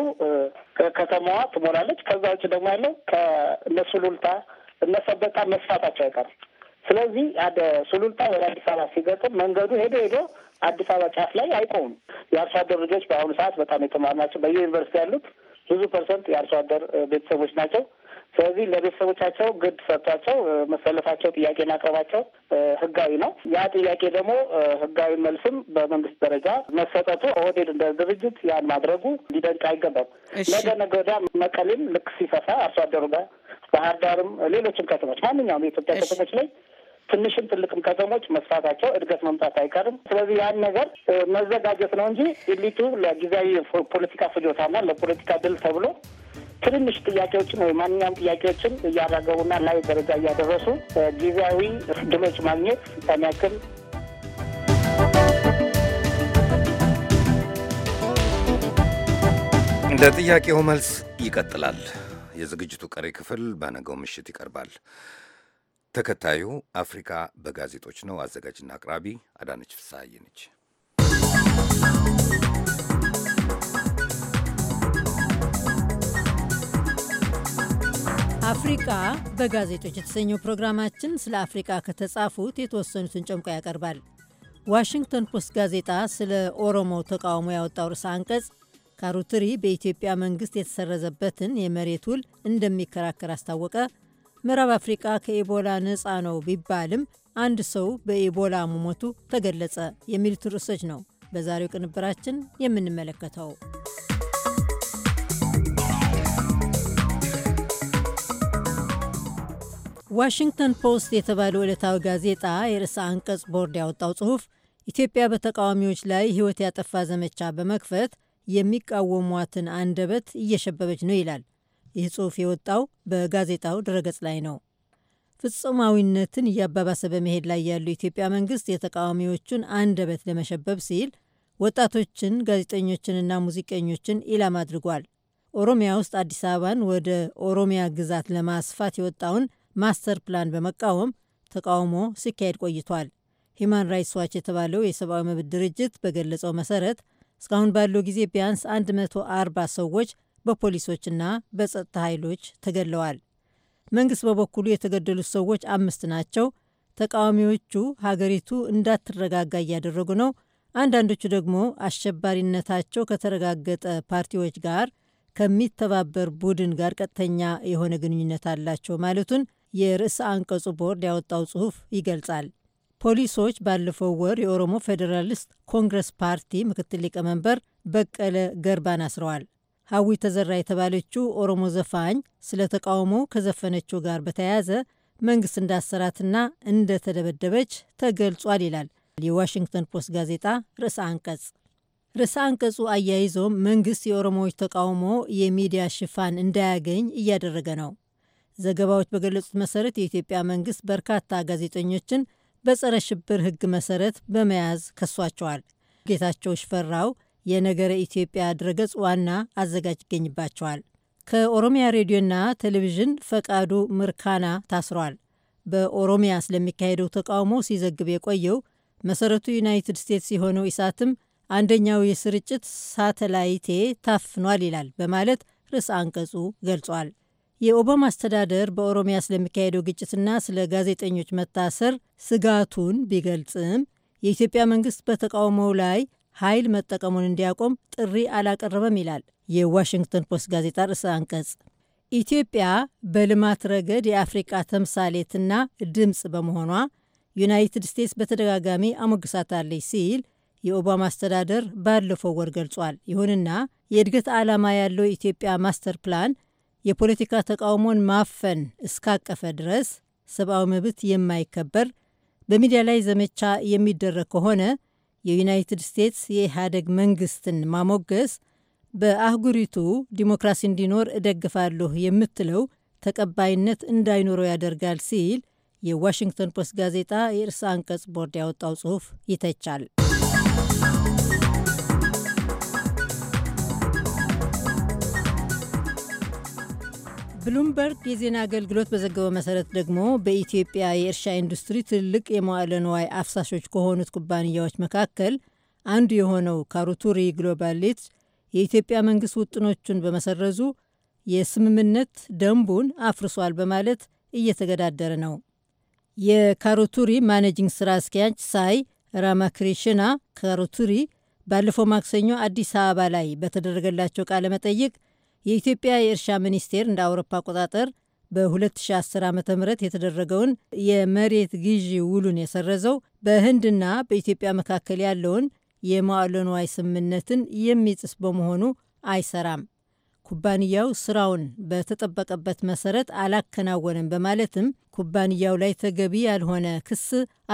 ከተማዋ ትሞላለች። ከዛ ውጭ ደግሞ ያለው ከእነ ሱሉልታ እነ ሰበታ መስፋታቸው አይቀርም። ስለዚህ ሱሉልታ ወደ አዲስ አበባ ሲገጥም መንገዱ ሄዶ ሄዶ አዲስ አበባ ጫፍ ላይ አይቆምም። የአርሶ አደር ልጆች በአሁኑ ሰዓት በጣም የተማሩ ናቸው። በየዩኒቨርሲቲ ያሉት ብዙ ፐርሰንት የአርሶ አደር ቤተሰቦች ናቸው። ስለዚህ ለቤተሰቦቻቸው ግድ ሰጥቷቸው መሰለፋቸው ጥያቄ ማቅረባቸው ህጋዊ ነው። ያ ጥያቄ ደግሞ ህጋዊ መልስም በመንግስት ደረጃ መሰጠቱ ኦህዴድ እንደ ድርጅት ያን ማድረጉ ሊደንቅ አይገባም። ነገ ነገ ወዲያ መቀሌም ልክ ሲፈሳ አርሶ አደሩ ጋር ባህር ዳርም፣ ሌሎችም ከተሞች ማንኛውም የኢትዮጵያ ከተሞች ላይ ትንሽም ትልቅም ከተሞች መስፋታቸው እድገት መምጣት አይቀርም። ስለዚህ ያን ነገር መዘጋጀት ነው እንጂ ኢሊቱ ለጊዜያዊ ፖለቲካ ፍጆታና ለፖለቲካ ድል ተብሎ ትንንሽ ጥያቄዎችን ወይ ማንኛውም ጥያቄዎችን እያረገቡና ላይ ደረጃ እያደረሱ ጊዜያዊ ድሎች ማግኘት ያክል እንደ ጥያቄው መልስ ይቀጥላል። የዝግጅቱ ቀሪ ክፍል በነገው ምሽት ይቀርባል። ተከታዩ አፍሪካ በጋዜጦች ነው። አዘጋጅና አቅራቢ አዳነች ፍስሐዬ ነች። አፍሪቃ በጋዜጦች የተሰኘው ፕሮግራማችን ስለ አፍሪቃ ከተጻፉት የተወሰኑትን ጨምቆ ያቀርባል። ዋሽንግተን ፖስት ጋዜጣ ስለ ኦሮሞ ተቃውሞ ያወጣው ርዕሰ አንቀጽ ካሩትሪ በኢትዮጵያ መንግስት የተሰረዘበትን የመሬት ውል እንደሚከራከር አስታወቀ። ምዕራብ አፍሪቃ ከኢቦላ ነፃ ነው ቢባልም አንድ ሰው በኢቦላ መሞቱ ተገለጸ። የሚሉት ርዕሶች ነው በዛሬው ቅንብራችን የምንመለከተው። ዋሽንግተን ፖስት የተባለው ዕለታዊ ጋዜጣ የርዕሰ አንቀጽ ቦርድ ያወጣው ጽሑፍ ኢትዮጵያ በተቃዋሚዎች ላይ ሕይወት ያጠፋ ዘመቻ በመክፈት የሚቃወሟትን አንደበት እየሸበበች ነው ይላል። ይህ ጽሑፍ የወጣው በጋዜጣው ድረገጽ ላይ ነው። ፍጹማዊነትን እያባባሰ በመሄድ ላይ ያለው የኢትዮጵያ መንግስት የተቃዋሚዎቹን አንደበት ለመሸበብ ሲል ወጣቶችን፣ ጋዜጠኞችንና ሙዚቀኞችን ኢላማ አድርጓል። ኦሮሚያ ውስጥ አዲስ አበባን ወደ ኦሮሚያ ግዛት ለማስፋት የወጣውን ማስተር ፕላን በመቃወም ተቃውሞ ሲካሄድ ቆይቷል። ሂማን ራይትስ ዋች የተባለው የሰብአዊ መብት ድርጅት በገለጸው መሰረት እስካሁን ባለው ጊዜ ቢያንስ 140 ሰዎች በፖሊሶችና በጸጥታ ኃይሎች ተገድለዋል። መንግሥት በበኩሉ የተገደሉት ሰዎች አምስት ናቸው። ተቃዋሚዎቹ ሀገሪቱ እንዳትረጋጋ እያደረጉ ነው። አንዳንዶቹ ደግሞ አሸባሪነታቸው ከተረጋገጠ ፓርቲዎች ጋር ከሚተባበር ቡድን ጋር ቀጥተኛ የሆነ ግንኙነት አላቸው ማለቱን የርዕሰ አንቀጹ ቦርድ ያወጣው ጽሑፍ ይገልጻል። ፖሊሶች ባለፈው ወር የኦሮሞ ፌዴራሊስት ኮንግረስ ፓርቲ ምክትል ሊቀመንበር በቀለ ገርባን አስረዋል። ሀዊ ተዘራ የተባለችው ኦሮሞ ዘፋኝ ስለ ተቃውሞ ከዘፈነችው ጋር በተያያዘ መንግስት እንዳሰራትና እንደተደበደበች ተገልጿል ይላል የዋሽንግተን ፖስት ጋዜጣ ርዕሰ አንቀጽ። ርዕሰ አንቀጹ አያይዞም መንግስት የኦሮሞዎች ተቃውሞ የሚዲያ ሽፋን እንዳያገኝ እያደረገ ነው ዘገባዎች በገለጹት መሰረት የኢትዮጵያ መንግስት በርካታ ጋዜጠኞችን በጸረ ሽብር ህግ መሰረት በመያዝ ከሷቸዋል። ጌታቸው ሽፈራው የነገረ ኢትዮጵያ ድረገጽ ዋና አዘጋጅ ይገኝባቸዋል። ከኦሮሚያ ሬዲዮና ቴሌቪዥን ፈቃዱ ምርካና ታስሯል። በኦሮሚያ ስለሚካሄደው ተቃውሞ ሲዘግብ የቆየው መሰረቱ ዩናይትድ ስቴትስ የሆነው ኢሳትም አንደኛው የስርጭት ሳተላይቴ ታፍኗል ይላል በማለት ርዕስ አንቀጹ ገልጿል። የኦባማ አስተዳደር በኦሮሚያ ስለሚካሄደው ግጭትና ስለ ጋዜጠኞች መታሰር ስጋቱን ቢገልጽም የኢትዮጵያ መንግስት በተቃውሞው ላይ ኃይል መጠቀሙን እንዲያቆም ጥሪ አላቀረበም ይላል የዋሽንግተን ፖስት ጋዜጣ ርዕሰ አንቀጽ። ኢትዮጵያ በልማት ረገድ የአፍሪቃ ተምሳሌትና ድምፅ በመሆኗ ዩናይትድ ስቴትስ በተደጋጋሚ አሞግሳታለች ሲል የኦባማ አስተዳደር ባለፈው ወር ገልጿል። ይሁንና የእድገት ዓላማ ያለው የኢትዮጵያ ማስተር ፕላን የፖለቲካ ተቃውሞን ማፈን እስካቀፈ ድረስ ሰብአዊ መብት የማይከበር በሚዲያ ላይ ዘመቻ የሚደረግ ከሆነ የዩናይትድ ስቴትስ የኢህአደግ መንግስትን ማሞገስ በአህጉሪቱ ዲሞክራሲ እንዲኖር እደግፋለሁ የምትለው ተቀባይነት እንዳይኖረው ያደርጋል ሲል የዋሽንግተን ፖስት ጋዜጣ የርዕሰ አንቀጽ ቦርድ ያወጣው ጽሑፍ ይተቻል። ብሉምበርግ የዜና አገልግሎት በዘገበው መሰረት ደግሞ በኢትዮጵያ የእርሻ ኢንዱስትሪ ትልቅ የመዋለ ንዋይ አፍሳሾች ከሆኑት ኩባንያዎች መካከል አንዱ የሆነው ካሩቱሪ ግሎባል ሊትስ የኢትዮጵያ መንግስት ውጥኖቹን በመሰረዙ የስምምነት ደንቡን አፍርሷል በማለት እየተገዳደረ ነው። የካሩቱሪ ማኔጂንግ ስራ አስኪያጅ ሳይ ራማክሪሽና ካሩቱሪ ባለፈው ማክሰኞ አዲስ አበባ ላይ በተደረገላቸው ቃለ መጠይቅ የኢትዮጵያ የእርሻ ሚኒስቴር እንደ አውሮፓ አቆጣጠር በ2010 ዓ ም የተደረገውን የመሬት ግዢ ውሉን የሰረዘው በህንድና በኢትዮጵያ መካከል ያለውን የማዕለ ንዋይ ስምምነትን የሚጥስ በመሆኑ አይሰራም፣ ኩባንያው ስራውን በተጠበቀበት መሰረት አላከናወነም በማለትም ኩባንያው ላይ ተገቢ ያልሆነ ክስ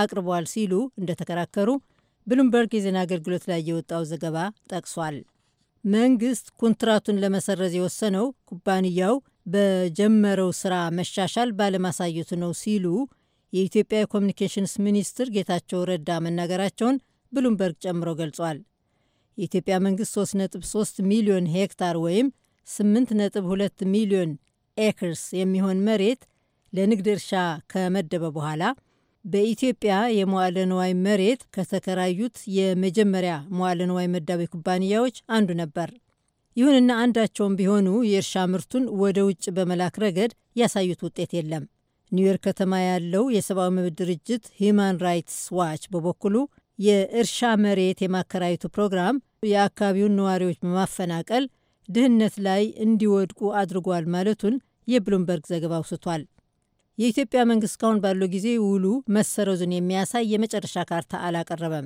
አቅርቧል ሲሉ እንደተከራከሩ ብሉምበርግ የዜና አገልግሎት ላይ የወጣው ዘገባ ጠቅሷል። መንግስት ኮንትራቱን ለመሰረዝ የወሰነው ኩባንያው በጀመረው ስራ መሻሻል ባለማሳየቱ ነው ሲሉ የኢትዮጵያ የኮሚኒኬሽንስ ሚኒስትር ጌታቸው ረዳ መናገራቸውን ብሉምበርግ ጨምሮ ገልጿል። የኢትዮጵያ መንግስት 3.3 ሚሊዮን ሄክታር ወይም 8.2 ሚሊዮን ኤክርስ የሚሆን መሬት ለንግድ እርሻ ከመደበ በኋላ በኢትዮጵያ የመዋለ ንዋይ መሬት ከተከራዩት የመጀመሪያ መዋለ ንዋይ መዳቢ ኩባንያዎች አንዱ ነበር። ይሁንና አንዳቸውም ቢሆኑ የእርሻ ምርቱን ወደ ውጭ በመላክ ረገድ ያሳዩት ውጤት የለም። ኒውዮርክ ከተማ ያለው የሰብአዊ መብት ድርጅት ሂዩማን ራይትስ ዋች በበኩሉ የእርሻ መሬት የማከራየቱ ፕሮግራም የአካባቢውን ነዋሪዎች በማፈናቀል ድህነት ላይ እንዲወድቁ አድርጓል ማለቱን የብሉምበርግ ዘገባ አውስቷል። የኢትዮጵያ መንግስት እስካሁን ባለው ጊዜ ውሉ መሰረዙን የሚያሳይ የመጨረሻ ካርታ አላቀረበም።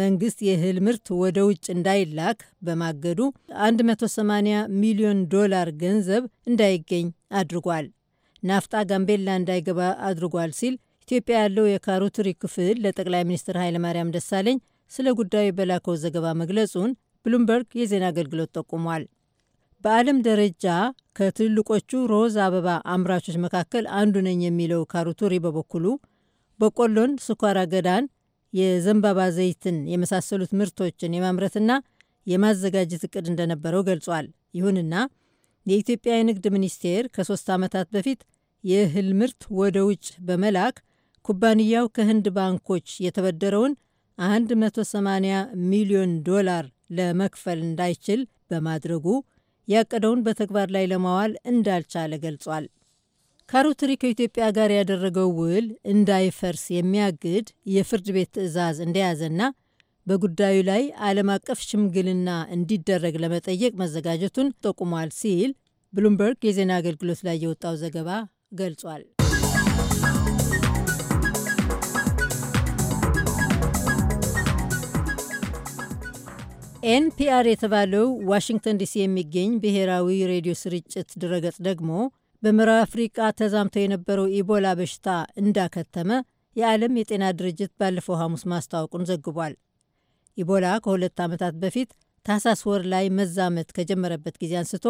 መንግስት የእህል ምርት ወደ ውጭ እንዳይላክ በማገዱ 180 ሚሊዮን ዶላር ገንዘብ እንዳይገኝ አድርጓል። ናፍጣ ጋምቤላ እንዳይገባ አድርጓል ሲል ኢትዮጵያ ያለው የካሮትሪ ክፍል ለጠቅላይ ሚኒስትር ኃይለማርያም ደሳለኝ ስለ ጉዳዩ በላከው ዘገባ መግለጹን ብሉምበርግ የዜና አገልግሎት ጠቁሟል። በዓለም ደረጃ ከትልቆቹ ሮዝ አበባ አምራቾች መካከል አንዱ ነኝ የሚለው ካሩቱሪ በበኩሉ በቆሎን፣ ስኳር አገዳን፣ የዘንባባ ዘይትን የመሳሰሉት ምርቶችን የማምረትና የማዘጋጀት እቅድ እንደነበረው ገልጿል። ይሁንና የኢትዮጵያ የንግድ ሚኒስቴር ከሶስት ዓመታት በፊት የእህል ምርት ወደ ውጭ በመላክ ኩባንያው ከህንድ ባንኮች የተበደረውን 180 ሚሊዮን ዶላር ለመክፈል እንዳይችል በማድረጉ ያቀደውን በተግባር ላይ ለማዋል እንዳልቻለ ገልጿል። ካሮትሪ ከኢትዮጵያ ጋር ያደረገው ውል እንዳይፈርስ የሚያግድ የፍርድ ቤት ትዕዛዝ እንደያዘና በጉዳዩ ላይ ዓለም አቀፍ ሽምግልና እንዲደረግ ለመጠየቅ መዘጋጀቱን ጠቁሟል ሲል ብሉምበርግ የዜና አገልግሎት ላይ የወጣው ዘገባ ገልጿል። ኤንፒአር የተባለው ዋሽንግተን ዲሲ የሚገኝ ብሔራዊ ሬዲዮ ስርጭት ድረገጽ ደግሞ በምዕራብ አፍሪቃ ተዛምቶ የነበረው ኢቦላ በሽታ እንዳከተመ የዓለም የጤና ድርጅት ባለፈው ሐሙስ ማስታወቁን ዘግቧል። ኢቦላ ከሁለት ዓመታት በፊት ታህሳስ ወር ላይ መዛመት ከጀመረበት ጊዜ አንስቶ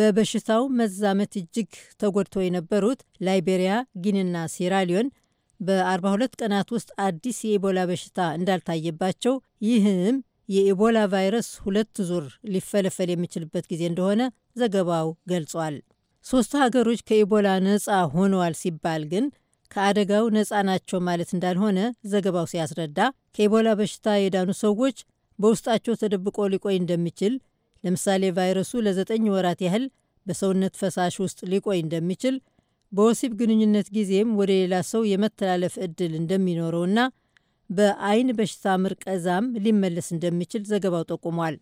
በበሽታው መዛመት እጅግ ተጎድተው የነበሩት ላይቤሪያ፣ ጊኒና ሴራሊዮን በ42 ቀናት ውስጥ አዲስ የኢቦላ በሽታ እንዳልታየባቸው ይህም የኢቦላ ቫይረስ ሁለት ዙር ሊፈለፈል የሚችልበት ጊዜ እንደሆነ ዘገባው ገልጿል። ሶስቱ ሀገሮች ከኢቦላ ነፃ ሆነዋል ሲባል ግን ከአደጋው ነፃ ናቸው ማለት እንዳልሆነ ዘገባው ሲያስረዳ ከኢቦላ በሽታ የዳኑ ሰዎች በውስጣቸው ተደብቆ ሊቆይ እንደሚችል ለምሳሌ ቫይረሱ ለዘጠኝ ወራት ያህል በሰውነት ፈሳሽ ውስጥ ሊቆይ እንደሚችል፣ በወሲብ ግንኙነት ጊዜም ወደ ሌላ ሰው የመተላለፍ ዕድል እንደሚኖረውና በአይን በሽታ ምርቀዛም ሊመለስ እንደሚችል ዘገባው ጠቁሟል።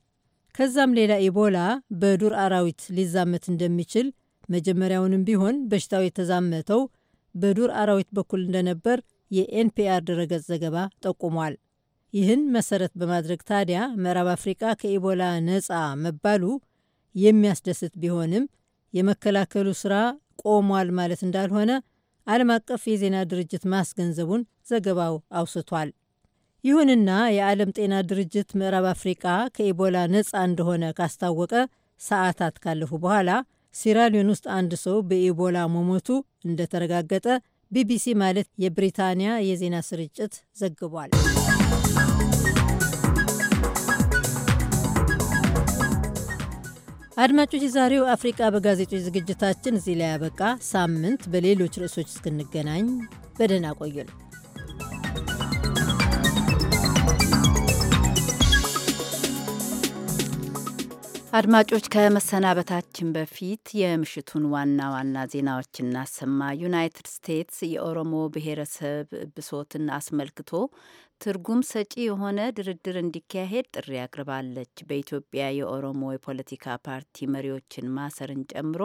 ከዛም ሌላ ኢቦላ በዱር አራዊት ሊዛመት እንደሚችል መጀመሪያውንም ቢሆን በሽታው የተዛመተው በዱር አራዊት በኩል እንደነበር የኤንፒአር ድረገጽ ዘገባ ጠቁሟል። ይህን መሰረት በማድረግ ታዲያ ምዕራብ አፍሪቃ ከኢቦላ ነፃ መባሉ የሚያስደስት ቢሆንም የመከላከሉ ስራ ቆሟል ማለት እንዳልሆነ ዓለም አቀፍ የዜና ድርጅት ማስገንዘቡን ዘገባው አውስቷል። ይሁንና የዓለም ጤና ድርጅት ምዕራብ አፍሪቃ ከኢቦላ ነፃ እንደሆነ ካስታወቀ ሰዓታት ካለፉ በኋላ ሲራሊዮን ውስጥ አንድ ሰው በኢቦላ መሞቱ እንደተረጋገጠ ቢቢሲ ማለት የብሪታንያ የዜና ስርጭት ዘግቧል። አድማጮች፣ የዛሬው አፍሪቃ በጋዜጦች ዝግጅታችን እዚህ ላይ ያበቃ። ሳምንት በሌሎች ርዕሶች እስክንገናኝ በደህና ቆዩን። አድማጮች ከመሰናበታችን በፊት የምሽቱን ዋና ዋና ዜናዎች እናሰማ። ዩናይትድ ስቴትስ የኦሮሞ ብሔረሰብ ብሶትን አስመልክቶ ትርጉም ሰጪ የሆነ ድርድር እንዲካሄድ ጥሪ አቅርባለች። በኢትዮጵያ የኦሮሞ የፖለቲካ ፓርቲ መሪዎችን ማሰርን ጨምሮ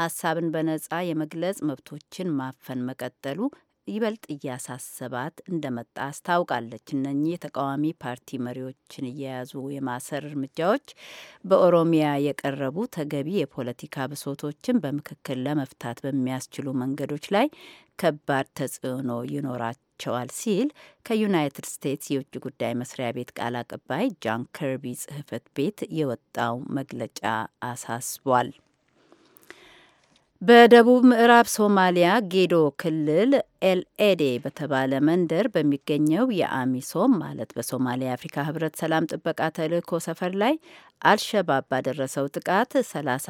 ሀሳብን በነጻ የመግለጽ መብቶችን ማፈን መቀጠሉ ይበልጥ እያሳሰባት እንደመጣ አስታውቃለች። እነኚህ የተቃዋሚ ፓርቲ መሪዎችን እየያዙ የማሰር እርምጃዎች በኦሮሚያ የቀረቡ ተገቢ የፖለቲካ ብሶቶችን በምክክል ለመፍታት በሚያስችሉ መንገዶች ላይ ከባድ ተጽዕኖ ይኖራቸዋል ሲል ከዩናይትድ ስቴትስ የውጭ ጉዳይ መስሪያ ቤት ቃል አቀባይ ጃን ከርቢ ጽህፈት ቤት የወጣው መግለጫ አሳስቧል። በደቡብ ምዕራብ ሶማሊያ ጌዶ ክልል ኤልኤዴ በተባለ መንደር በሚገኘው የአሚሶም ማለት በሶማሊያ የአፍሪካ ህብረት ሰላም ጥበቃ ተልእኮ ሰፈር ላይ አልሸባብ ባደረሰው ጥቃት ሰላሳ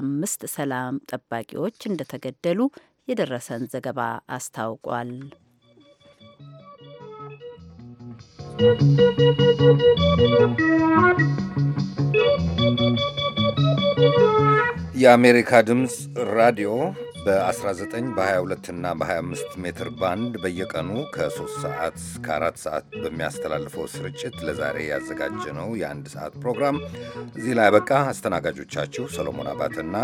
አምስት ሰላም ጠባቂዎች እንደተገደሉ የደረሰን ዘገባ አስታውቋል። ¶¶ የአሜሪካ ድምፅ ራዲዮ በ19 በ22 እና በ25 ሜትር ባንድ በየቀኑ ከ3 ሰዓት እስከ 4 ሰዓት በሚያስተላልፈው ስርጭት ለዛሬ ያዘጋጀነው የአንድ ሰዓት ፕሮግራም እዚህ ላይ በቃ አስተናጋጆቻችሁ ሰሎሞን አባትና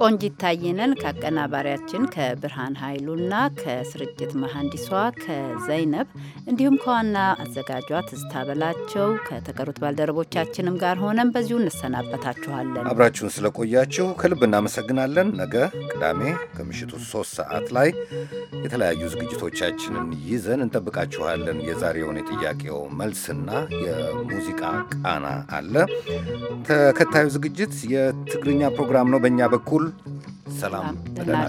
ቆንጂት ታየነን ከአቀናባሪያችን ከብርሃን ኃይሉና ከስርጭት መሐንዲሷ ከዘይነብ እንዲሁም ከዋና አዘጋጇ ትዝታ በላቸው ከተቀሩት ባልደረቦቻችንም ጋር ሆነን በዚሁ እንሰናበታችኋለን። አብራችሁን ስለቆያችሁ ከልብ እናመሰግናለን። ነገ ቅዳሜ ከምሽቱ ሶስት ሰዓት ላይ የተለያዩ ዝግጅቶቻችንን ይዘን እንጠብቃችኋለን። የዛሬውን የጥያቄው መልስና የሙዚቃ ቃና አለ። ተከታዩ ዝግጅት የትግርኛ ፕሮግራም ነው። በእኛ በኩል ሰላም፣ ደህና